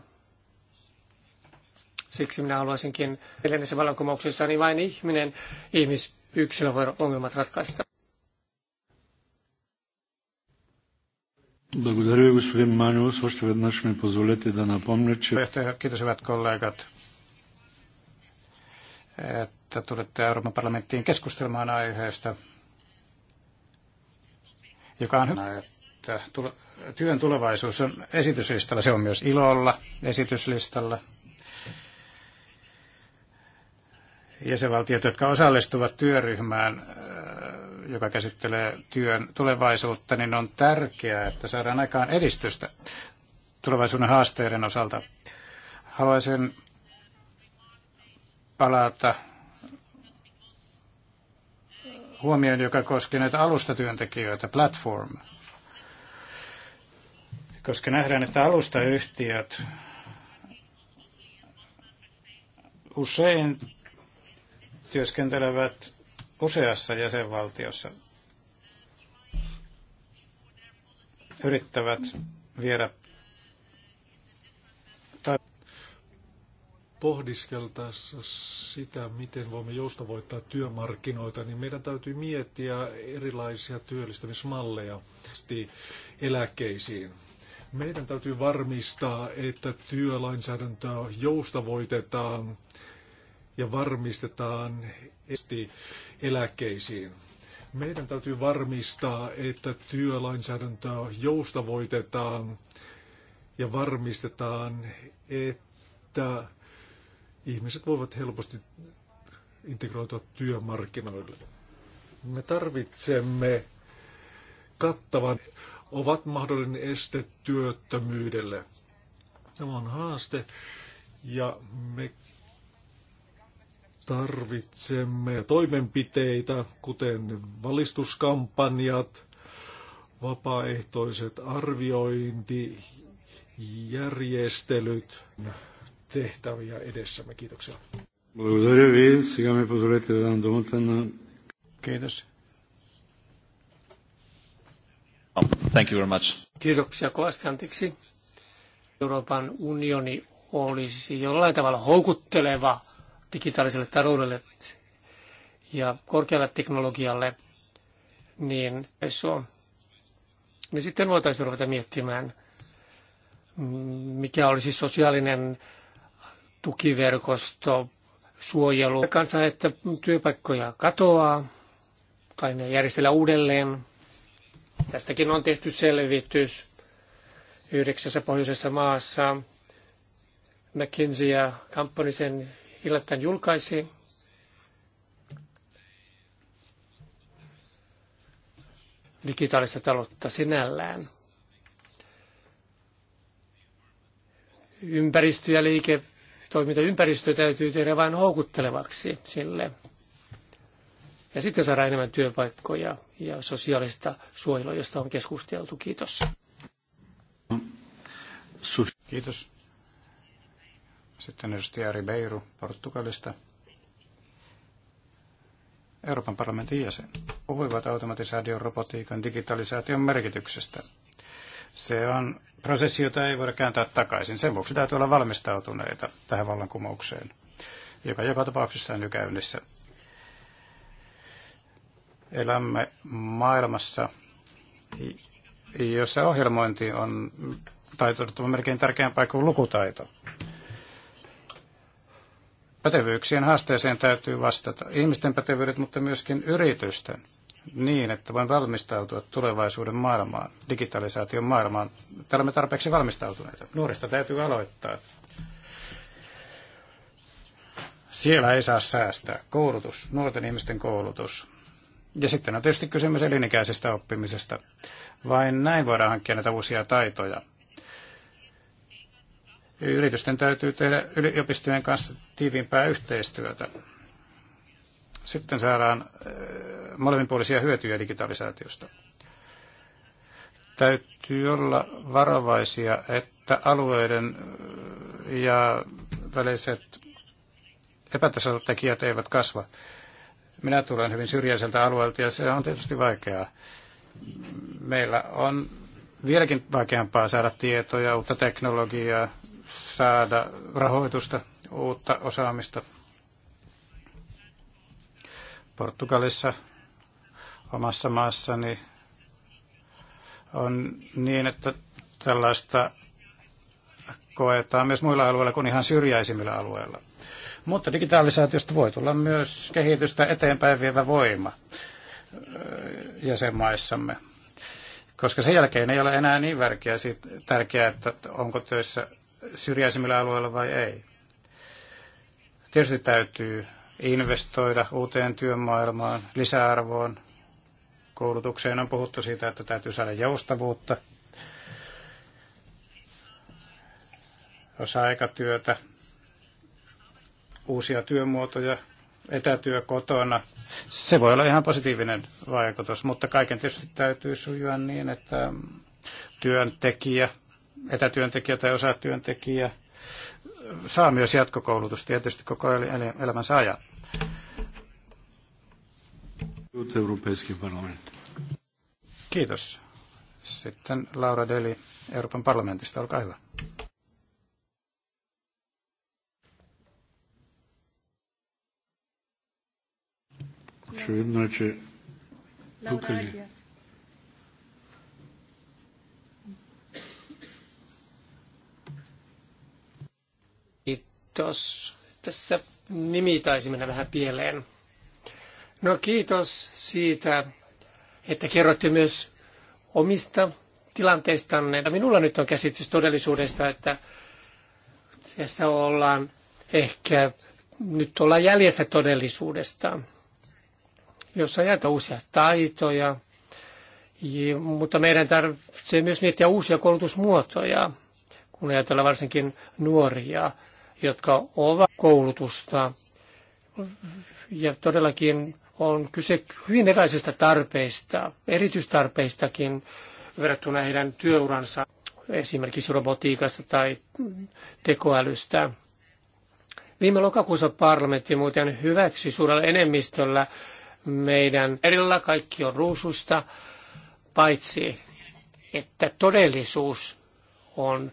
Siksi minä haluaisinkin neljännessä vallankumouksessa, niin vain ihminen, ihmisyksilö voi ongelmat ratkaista. Kiitos hyvät kollegat että tulette Euroopan parlamenttiin keskustelemaan aiheesta, joka on hyvä, että työn tulevaisuus on esityslistalla. Se on myös ilolla esityslistalla. Jäsenvaltiot, jotka osallistuvat työryhmään, äh, joka käsittelee työn tulevaisuutta, niin on tärkeää, että saadaan aikaan edistystä tulevaisuuden haasteiden osalta. Haluaisin palata huomioon, joka koski näitä alustatyöntekijöitä, platform. Koska nähdään, että alustayhtiöt usein työskentelevät useassa jäsenvaltiossa, yrittävät viedä pohdiskeltaessa sitä, miten voimme joustavoittaa työmarkkinoita, niin meidän täytyy miettiä erilaisia työllistämismalleja eläkkeisiin. Meidän täytyy varmistaa, että työlainsäädäntöä joustavoitetaan ja varmistetaan esti eläkkeisiin. Meidän täytyy varmistaa, että työlainsäädäntöä joustavoitetaan ja varmistetaan, että ihmiset voivat helposti integroitua työmarkkinoille. Me tarvitsemme kattavan, ovat mahdollinen este työttömyydelle. Tämä on haaste ja me tarvitsemme toimenpiteitä, kuten valistuskampanjat, vapaaehtoiset arviointijärjestelyt tehtäviä edessämme. Kiitoksia. Kiitos. Oh, thank you very much. Kiitoksia kovasti, anteeksi. Euroopan unioni olisi jollain tavalla houkutteleva digitaaliselle taloudelle ja korkealle teknologialle, niin se on. Niin sitten voitaisiin ruveta miettimään, mikä olisi sosiaalinen tukiverkosto, suojelu. Kansa, että työpaikkoja katoaa tai ne järjestellä uudelleen. Tästäkin on tehty selvitys yhdeksässä pohjoisessa maassa. McKinsey ja Company sen hiljattain julkaisi. digitaalista taloutta sinällään. Ympäristö ja liike toimintaympäristö täytyy tehdä vain houkuttelevaksi sille. Ja sitten saada enemmän työpaikkoja ja sosiaalista suojelua, josta on keskusteltu. Kiitos. Kiitos. Sitten edustaja Ribeiro Portugalista. Euroopan parlamentin jäsen. Puhuivat automatisaation, robotiikan, digitalisaation merkityksestä. Se on prosessi, jota ei voida kääntää takaisin. Sen vuoksi täytyy olla valmistautuneita tähän vallankumoukseen, joka joka tapauksessa on jo käynnissä. Elämme maailmassa, jossa ohjelmointi on taitoittava melkein tärkeämpää kuin lukutaito. Pätevyyksien haasteeseen täytyy vastata. Ihmisten pätevyydet, mutta myöskin yritysten niin, että voin valmistautua tulevaisuuden maailmaan, digitalisaation maailmaan. Täällä olemme tarpeeksi valmistautuneita. Nuorista täytyy aloittaa. Siellä ei saa säästää. Koulutus, nuorten ihmisten koulutus. Ja sitten on tietysti kysymys elinikäisestä oppimisesta. Vain näin voidaan hankkia näitä uusia taitoja. Yritysten täytyy tehdä yliopistojen kanssa tiiviimpää yhteistyötä. Sitten saadaan äh, molemminpuolisia hyötyjä digitalisaatiosta. Täytyy olla varovaisia, että alueiden äh, ja väliset epätasatekijät eivät kasva. Minä tulen hyvin syrjäiseltä alueelta ja se on tietysti vaikeaa. Meillä on vieläkin vaikeampaa saada tietoja, uutta teknologiaa, saada rahoitusta, uutta osaamista Portugalissa omassa maassani on niin, että tällaista koetaan myös muilla alueilla kuin ihan syrjäisimmillä alueilla. Mutta digitalisaatiosta voi tulla myös kehitystä eteenpäin vievä voima äh, jäsenmaissamme, koska sen jälkeen ei ole enää niin värkeä, tärkeää, että onko töissä syrjäisimmillä alueilla vai ei. Tietysti täytyy investoida uuteen työmaailmaan, lisäarvoon. Koulutukseen on puhuttu siitä, että täytyy saada joustavuutta, osa-aikatyötä, uusia työmuotoja, etätyö kotona. Se voi olla ihan positiivinen vaikutus, mutta kaiken tietysti täytyy sujua niin, että työntekijä, etätyöntekijä tai osatyöntekijä saa myös jatkokoulutusta tietysti koko elämänsä ajan. Kiitos. Sitten Laura Deli Euroopan parlamentista, olkaa hyvä. Очевидно е, че тук ли? Kiitos. Tässä nimi taisi mennä vähän pieleen. No kiitos siitä, että kerrotte myös omista tilanteistanne. Minulla nyt on käsitys todellisuudesta, että tässä ollaan ehkä nyt ollaan jäljessä todellisuudesta. Jos ajatellaan uusia taitoja, mutta meidän tarvitsee myös miettiä uusia koulutusmuotoja, kun ajatellaan varsinkin nuoria, jotka ovat koulutusta. Ja todellakin on kyse hyvin erilaisista tarpeista, erityistarpeistakin verrattuna heidän työuransa esimerkiksi robotiikasta tai tekoälystä. Viime lokakuussa parlamentti muuten hyväksyi suurella enemmistöllä meidän erillä kaikki on ruususta, paitsi että todellisuus on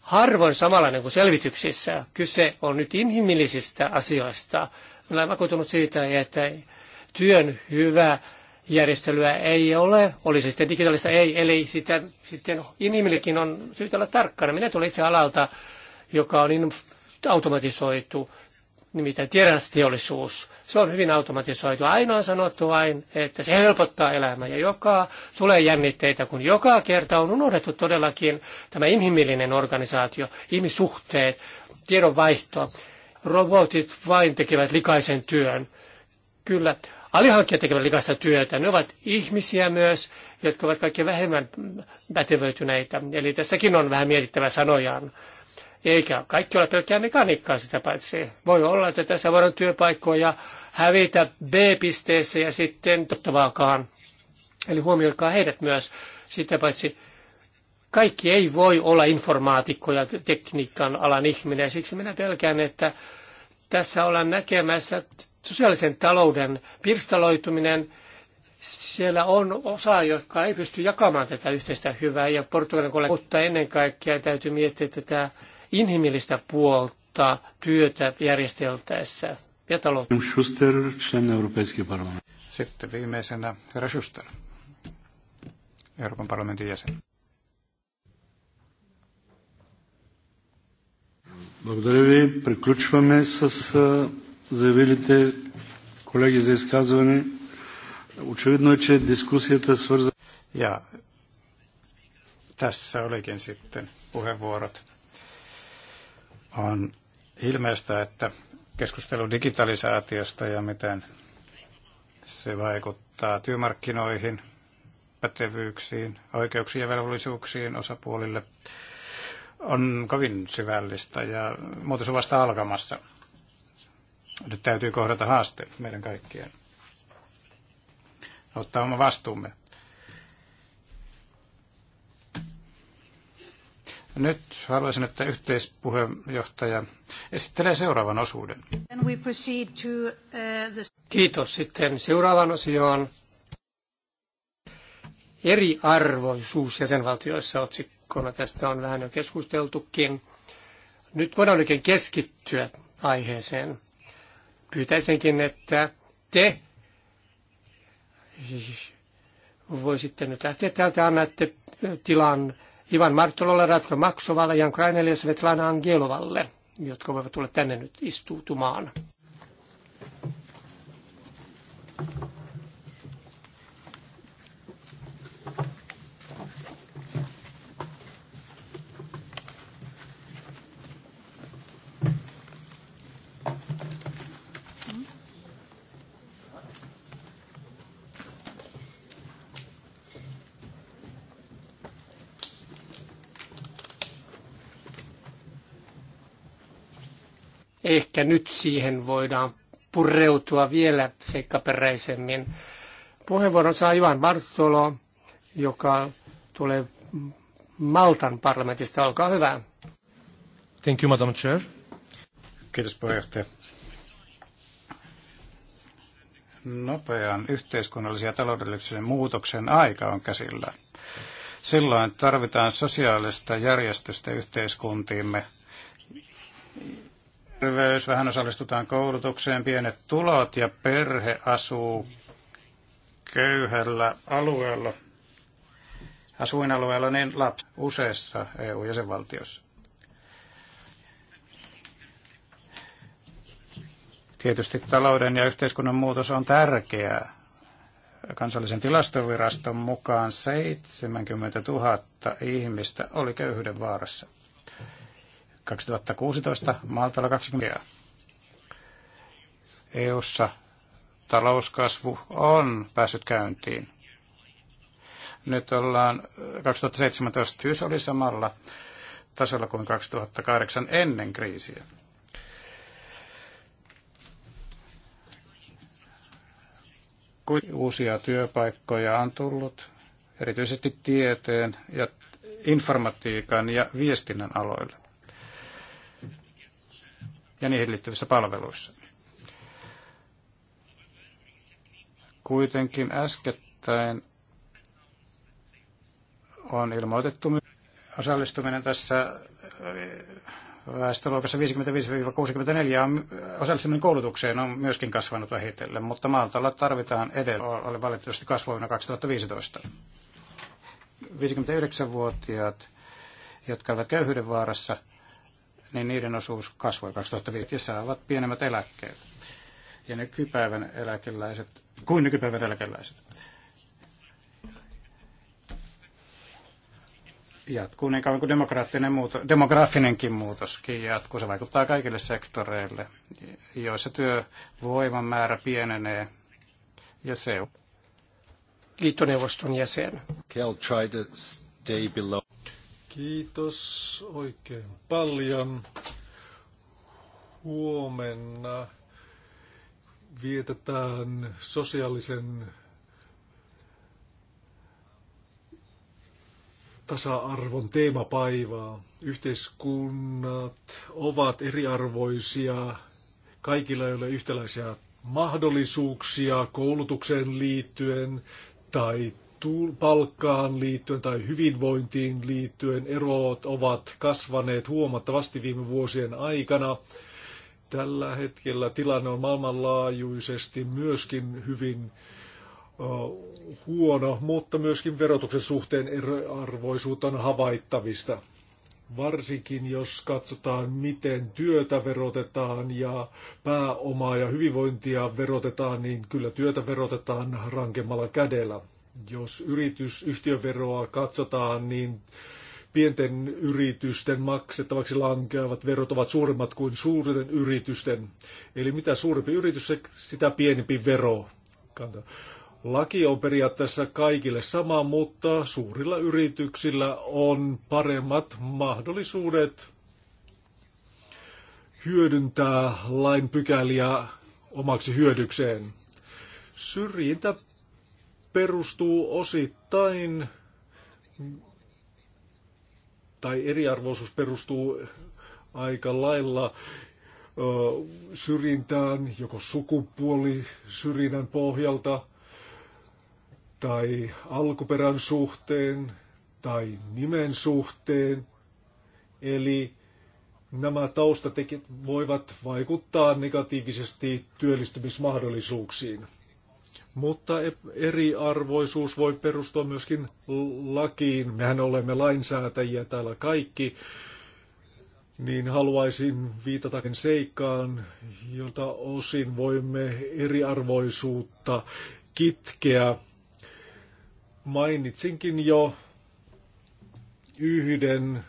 harvoin samanlainen kuin selvityksissä. Kyse on nyt inhimillisistä asioista. Olen vakuutunut siitä, että työn hyvää järjestelyä ei ole, oli se sitten digitaalista ei, eli sitä sitten inhimillekin on syytä olla tarkkana. Minä tulen itse alalta, joka on automatisoitu, nimittäin terästeollisuus. Se on hyvin automatisoitu. Aina on sanottu vain, että se helpottaa elämää ja joka tulee jännitteitä, kun joka kerta on unohdettu todellakin tämä inhimillinen organisaatio, ihmissuhteet, tiedonvaihto. Robotit vain tekevät likaisen työn. Kyllä, alihankkijat tekevät likaista työtä. Ne ovat ihmisiä myös, jotka ovat kaikkein vähemmän pätevöityneitä. Eli tässäkin on vähän mietittävä sanojaan. Eikä kaikki ole pelkkää mekaniikkaa sitä paitsi. Voi olla, että tässä voidaan työpaikkoja hävitä B-pisteessä ja sitten tottavaakaan. Eli huomioikaa heidät myös sitä paitsi. Kaikki ei voi olla informaatikkoja, tekniikan alan ihminen. Siksi minä pelkään, että tässä ollaan näkemässä sosiaalisen talouden pirstaloituminen, siellä on osa, jotka ei pysty jakamaan tätä yhteistä hyvää ja Portugalin kollega, mutta ennen kaikkea täytyy miettiä tätä inhimillistä puolta työtä järjesteltäessä ja taloutta. Schuster, Sitten viimeisenä herra Schuster, Euroopan parlamentin jäsen. Благодаря ви. Приключваме с заявилите колеги за изказване. Очевидно е, че дискусията свърза... Ja tässä olikin sitten puheenvuorot. On ilmeistä, että keskustelu digitalisaatiosta ja miten se vaikuttaa työmarkkinoihin, pätevyyksiin, oikeuksiin ja velvollisuuksiin osapuolille on kovin syvällistä ja muutos on vasta alkamassa. Nyt täytyy kohdata haaste meidän kaikkien. Ottaa oma vastuumme. Nyt haluaisin, että yhteispuheenjohtaja esittelee seuraavan osuuden. Uh, Kiitos. Sitten seuraavan osioon. Eriarvoisuus jäsenvaltioissa otsikkona. Tästä on vähän jo keskusteltukin. Nyt voidaan oikein keskittyä aiheeseen. Pyytäisinkin, että te voisitte nyt lähteä täältä, annatte tilan Ivan Martololle Ratko Maksovalle, Jan Krainelle ja Svetlana Angelovalle, jotka voivat tulla tänne nyt istuutumaan. Ehkä nyt siihen voidaan pureutua vielä seikkaperäisemmin. Puheenvuoron saa Ivan Bartolo, joka tulee Maltan parlamentista. Olkaa hyvä. Thank you, Madam Chair. Kiitos puheenjohtaja. Nopean yhteiskunnallisen ja taloudellisen muutoksen aika on käsillä. Silloin tarvitaan sosiaalista järjestystä yhteiskuntiimme terveys, vähän osallistutaan koulutukseen, pienet tulot ja perhe asuu köyhällä alueella, asuinalueella, niin lapsi useissa EU-jäsenvaltiossa. Tietysti talouden ja yhteiskunnan muutos on tärkeää. Kansallisen tilastoviraston mukaan 70 000 ihmistä oli köyhyyden vaarassa. 2016 Maltalla 20. EU:ssa talouskasvu on päässyt käyntiin. Nyt ollaan 2017 syys oli samalla tasolla kuin 2008 ennen kriisiä. Uusia työpaikkoja on tullut erityisesti tieteen ja informatiikan ja viestinnän aloille ja niihin liittyvissä palveluissa. Kuitenkin äskettäin on ilmoitettu osallistuminen tässä äh, väestöluokassa 55-64 on osallistuminen koulutukseen on myöskin kasvanut vähitellen, mutta maaltalla tarvitaan edelleen, oli valitettavasti kasvoina 2015. 59-vuotiaat, jotka ovat köyhyyden vaarassa, niin niiden osuus kasvoi 2005 ja saavat pienemmät eläkkeet ja nykypäivän eläkeläiset, kuin nykypäivän eläkeläiset. Jatkuu niin kauan kuin demokraattinen muutos, demografinenkin muutoskin jatkuu. Se vaikuttaa kaikille sektoreille, joissa työvoiman määrä pienenee ja se on liittoneuvoston jäsen. Kel, tried to stay below. Kiitos oikein paljon. Huomenna vietetään sosiaalisen tasa-arvon teemapäivää. Yhteiskunnat ovat eriarvoisia, kaikilla ei ole yhtäläisiä mahdollisuuksia koulutukseen liittyen tai palkkaan liittyen tai hyvinvointiin liittyen erot ovat kasvaneet huomattavasti viime vuosien aikana. Tällä hetkellä tilanne on maailmanlaajuisesti myöskin hyvin huono, mutta myöskin verotuksen suhteen eriarvoisuutta on havaittavista. Varsinkin jos katsotaan, miten työtä verotetaan ja pääomaa ja hyvinvointia verotetaan, niin kyllä työtä verotetaan rankemmalla kädellä. Jos yritysyhtiöveroa katsotaan, niin pienten yritysten maksettavaksi lankeavat verot ovat suuremmat kuin suurten yritysten. Eli mitä suurempi yritys, sitä pienempi vero. Laki on periaatteessa kaikille sama, mutta suurilla yrityksillä on paremmat mahdollisuudet hyödyntää lain pykäliä omaksi hyödykseen. Syrjintä perustuu osittain, tai eriarvoisuus perustuu aika lailla syrjintään, joko sukupuoli syrjinnän pohjalta, tai alkuperän suhteen, tai nimen suhteen. Eli nämä taustatekijät voivat vaikuttaa negatiivisesti työllistymismahdollisuuksiin. Mutta eriarvoisuus voi perustua myöskin lakiin. Mehän olemme lainsäätäjiä täällä kaikki. Niin haluaisin viitata seikkaan, jolta osin voimme eriarvoisuutta kitkeä. Mainitsinkin jo yhden,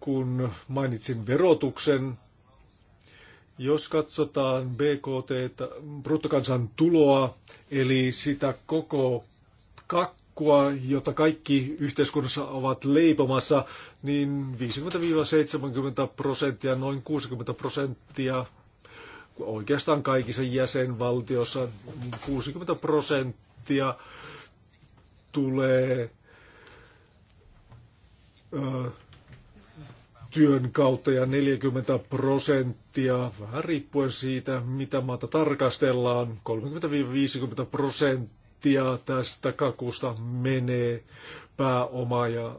kun mainitsin verotuksen jos katsotaan BKT, bruttokansan tuloa, eli sitä koko kakkua, jota kaikki yhteiskunnassa ovat leipomassa, niin 50-70 prosenttia, noin 60 prosenttia oikeastaan kaikissa jäsenvaltiossa, 60 prosenttia tulee työn kautta ja 40 prosenttia, vähän riippuen siitä, mitä maata tarkastellaan, 30-50 prosenttia tästä kakusta menee pääoma ja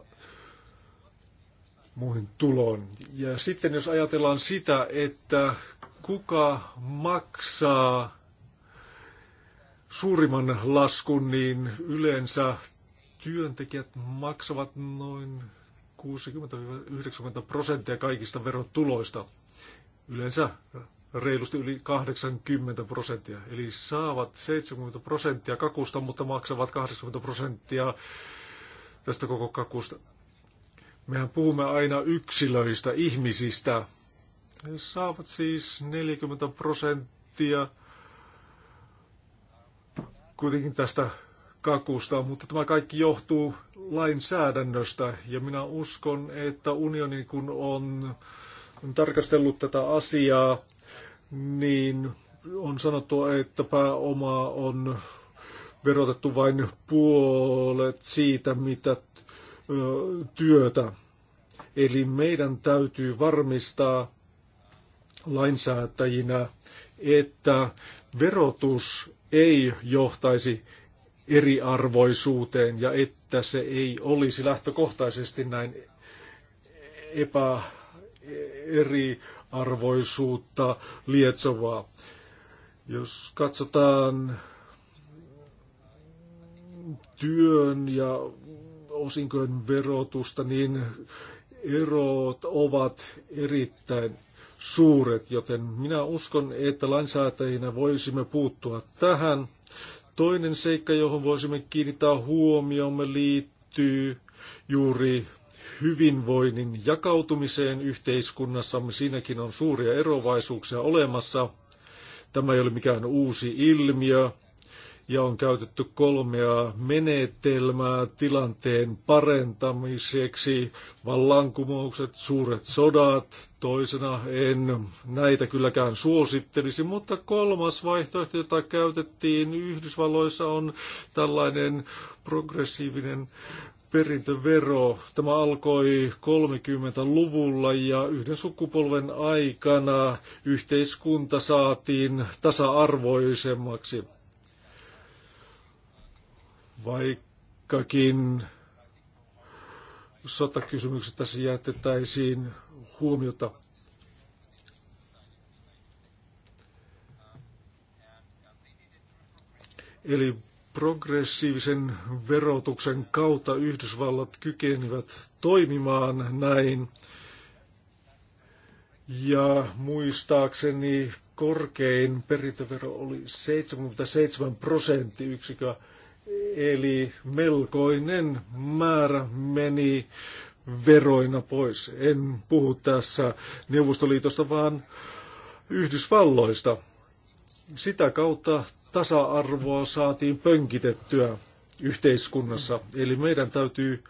muihin tuloon. Ja sitten jos ajatellaan sitä, että kuka maksaa suurimman laskun, niin yleensä työntekijät maksavat noin 60-90 prosenttia kaikista verotuloista. Yleensä reilusti yli 80 prosenttia. Eli saavat 70 prosenttia kakusta, mutta maksavat 80 prosenttia tästä koko kakusta. Mehän puhumme aina yksilöistä, ihmisistä. He saavat siis 40 prosenttia kuitenkin tästä kakusta, mutta tämä kaikki johtuu lainsäädännöstä ja minä uskon, että unioni kun on tarkastellut tätä asiaa, niin on sanottu, että pääoma on verotettu vain puolet siitä, mitä työtä. Eli meidän täytyy varmistaa lainsäätäjinä, että verotus ei johtaisi eriarvoisuuteen ja että se ei olisi lähtökohtaisesti näin epä eriarvoisuutta lietsovaa. Jos katsotaan työn ja osinkojen verotusta, niin erot ovat erittäin suuret, joten minä uskon, että lainsäätäjinä voisimme puuttua tähän. Toinen seikka, johon voisimme kiinnittää huomiomme, liittyy juuri hyvinvoinnin jakautumiseen yhteiskunnassamme. Siinäkin on suuria erovaisuuksia olemassa. Tämä ei ole mikään uusi ilmiö ja on käytetty kolmea menetelmää tilanteen parentamiseksi, vallankumoukset, suuret sodat, toisena en näitä kylläkään suosittelisi, mutta kolmas vaihtoehto, jota käytettiin Yhdysvalloissa on tällainen progressiivinen perintövero. Tämä alkoi 30-luvulla ja yhden sukupolven aikana yhteiskunta saatiin tasa-arvoisemmaksi. Vaikkakin sotakysymykset tässä jätettäisiin huomiota. Eli progressiivisen verotuksen kautta Yhdysvallat kykenivät toimimaan näin. Ja muistaakseni korkein perintövero oli 77 prosenttiyksikköä. Eli melkoinen määrä meni veroina pois. En puhu tässä Neuvostoliitosta, vaan Yhdysvalloista. Sitä kautta tasa-arvoa saatiin pönkitettyä yhteiskunnassa. Eli meidän täytyy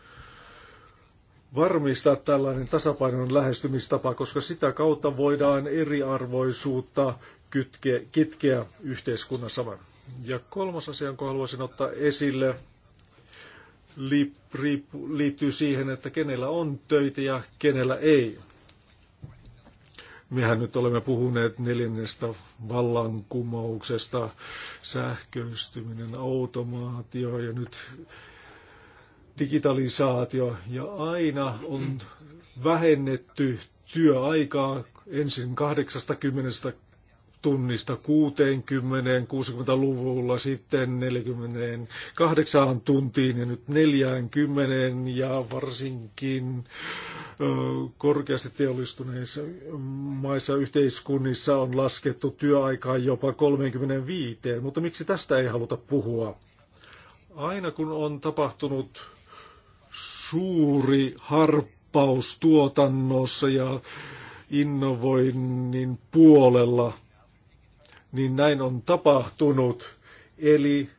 varmistaa tällainen tasapainon lähestymistapa, koska sitä kautta voidaan eriarvoisuutta kytkeä kitkeä ja kolmas asia, jonka haluaisin ottaa esille, liittyy siihen, että kenellä on töitä ja kenellä ei. Mehän nyt olemme puhuneet neljännestä vallankumouksesta, sähköistyminen, automaatio ja nyt digitalisaatio. Ja aina on vähennetty työaikaa ensin 80 tunnista 60-60-luvulla, sitten 48 tuntiin ja nyt 40 ja varsinkin korkeasti teollistuneissa maissa yhteiskunnissa on laskettu työaikaa jopa 35, mutta miksi tästä ei haluta puhua? Aina kun on tapahtunut suuri harppaus tuotannossa ja innovoinnin puolella, niin näin on tapahtunut. Eli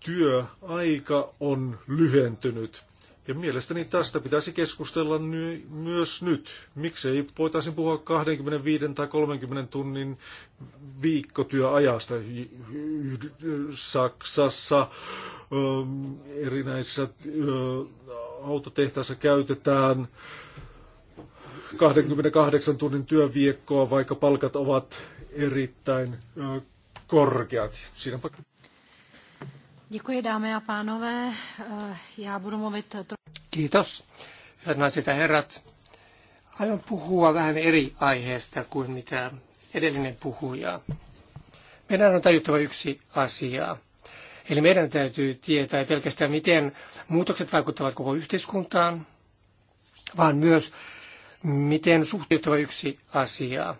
työaika on lyhentynyt. Ja mielestäni tästä pitäisi keskustella ny- myös nyt. Miksei voitaisiin puhua 25 tai 30 tunnin viikkotyöajasta Saksassa, erinäisissä autotehtaissa käytetään 28 tunnin työviikkoa, vaikka palkat ovat erittäin korkeat. Děkuji, dámy a pánové. Já budu mluvit... Kiitos, hyvät naiset ja herrat. Aion puhua vähän eri aiheesta kuin mitä edellinen puhuja. Meidän on tajuttava yksi asia. Eli meidän täytyy tietää pelkästään, miten muutokset vaikuttavat koko yhteiskuntaan, vaan myös, miten suhteuttava yksi asia.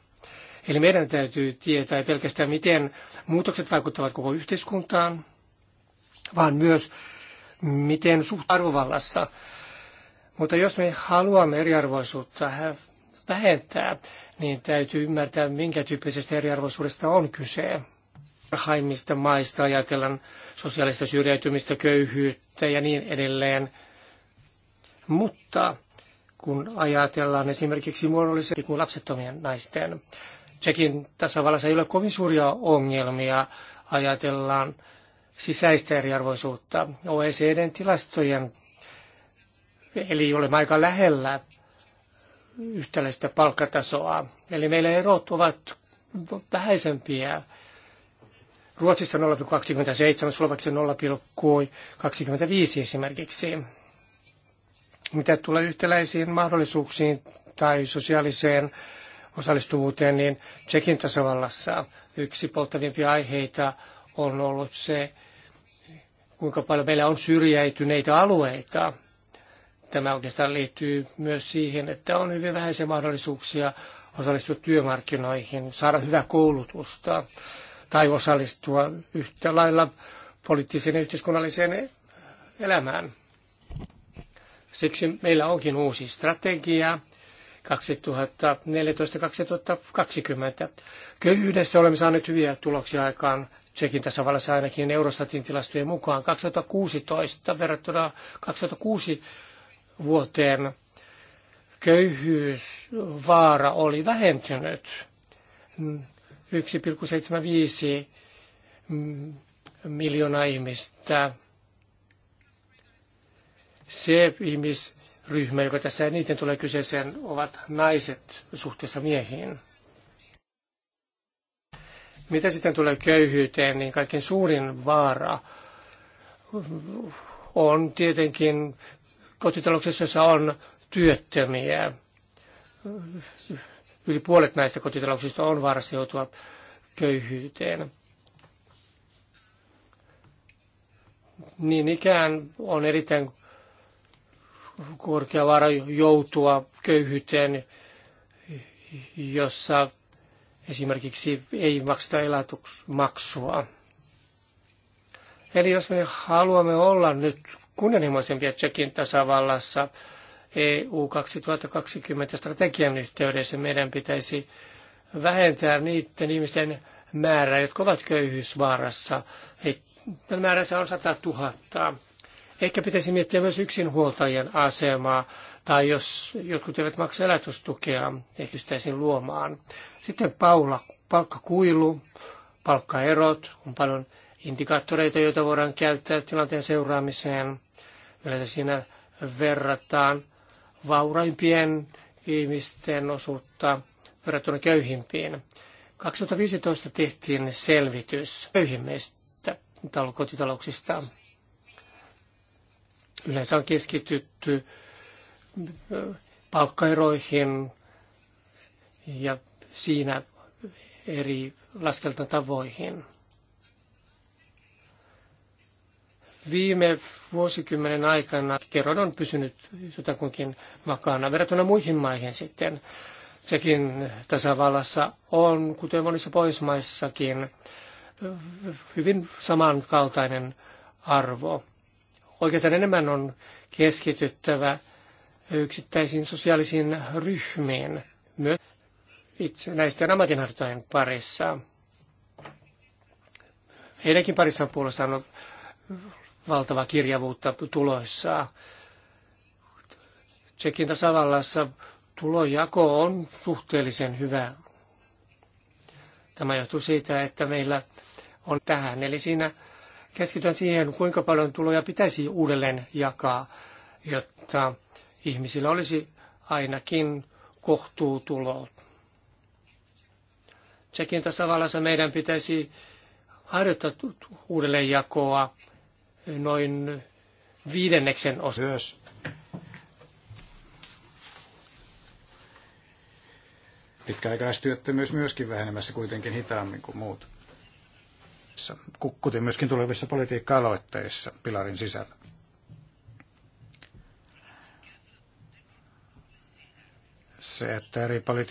Eli meidän täytyy tietää pelkästään, miten muutokset vaikuttavat koko yhteiskuntaan, vaan myös miten suht arvovallassa. Mutta jos me haluamme eriarvoisuutta vähentää, niin täytyy ymmärtää, minkä tyyppisestä eriarvoisuudesta on kyse. Parhaimmista maista ajatellaan sosiaalista syrjäytymistä, köyhyyttä ja niin edelleen. Mutta kun ajatellaan esimerkiksi muodollisesti kuin lapsettomien naisten Tsekin tasavallassa ei ole kovin suuria ongelmia, ajatellaan sisäistä eriarvoisuutta. OECDn tilastojen, eli olemme aika lähellä yhtäläistä palkkatasoa. Eli meillä erot ovat vähäisempiä. Ruotsissa 0,27, Slovakia 0,25 esimerkiksi. Mitä tulee yhtäläisiin mahdollisuuksiin tai sosiaaliseen osallistuvuuteen, niin Tsekin tasavallassa yksi polttavimpia aiheita on ollut se, kuinka paljon meillä on syrjäytyneitä alueita. Tämä oikeastaan liittyy myös siihen, että on hyvin vähäisiä mahdollisuuksia osallistua työmarkkinoihin, saada hyvää koulutusta tai osallistua yhtä lailla poliittiseen ja yhteiskunnalliseen elämään. Siksi meillä onkin uusi strategia, 2014-2020. Köyhyydessä olemme saaneet hyviä tuloksia aikaan Tsekin tasavallassa ainakin Eurostatin tilastojen mukaan 2016 verrattuna 2006 vuoteen köyhyysvaara oli vähentynyt 1,75 miljoonaa ihmistä se ihmisryhmä, joka tässä eniten tulee kyseeseen, ovat naiset suhteessa miehiin. Mitä sitten tulee köyhyyteen, niin kaikkein suurin vaara on tietenkin kotitalouksissa, jossa on työttömiä. Yli puolet näistä kotitalouksista on vaarassa joutua köyhyyteen. Niin ikään on erittäin korkea vaara joutua köyhyyteen, jossa esimerkiksi ei makseta elatusmaksua. Eli jos me haluamme olla nyt kunnianhimoisempia Tsekin tasavallassa EU 2020 strategian yhteydessä, meidän pitäisi vähentää niiden ihmisten määrää, jotka ovat köyhyysvaarassa. Tämä määrä on 100 000. Ehkä pitäisi miettiä myös yksinhuoltajien asemaa, tai jos jotkut eivät maksa elätystukea, ehdistäisiin luomaan. Sitten Paula, palkkakuilu, palkkaerot, on paljon indikaattoreita, joita voidaan käyttää tilanteen seuraamiseen. Yleensä siinä verrataan vauraimpien ihmisten osuutta verrattuna köyhimpiin. 2015 tehtiin selvitys köyhimmistä kotitalouksista. Yleensä on keskitytty palkkaeroihin ja siinä eri laskeltatavoihin. Viime vuosikymmenen aikana kerron on pysynyt jotakunkin vakaana verrattuna muihin maihin sitten. Sekin tasavallassa on, kuten monissa poismaissakin, hyvin samankaltainen arvo. Oikeastaan enemmän on keskityttävä yksittäisiin sosiaalisiin ryhmiin, myös itsenäisten ammatinharjoittajien parissa. Heidänkin parissaan puolestaan on valtava kirjavuutta tuloissa. Tsekin tasavallassa tulojako on suhteellisen hyvä. Tämä johtuu siitä, että meillä on tähän, eli siinä keskitytään siihen, kuinka paljon tuloja pitäisi uudelleen jakaa, jotta ihmisillä olisi ainakin kohtuutulo. Tsekin tasavallassa meidän pitäisi harjoittaa uudelleenjakoa noin viidenneksen osa. Myös. Pitkäaikaistyöttömyys myöskin vähenemässä kuitenkin hitaammin kuin muut kuten myöskin tulevissa politiikka-aloitteissa pilarin sisällä. Se, että eri politi-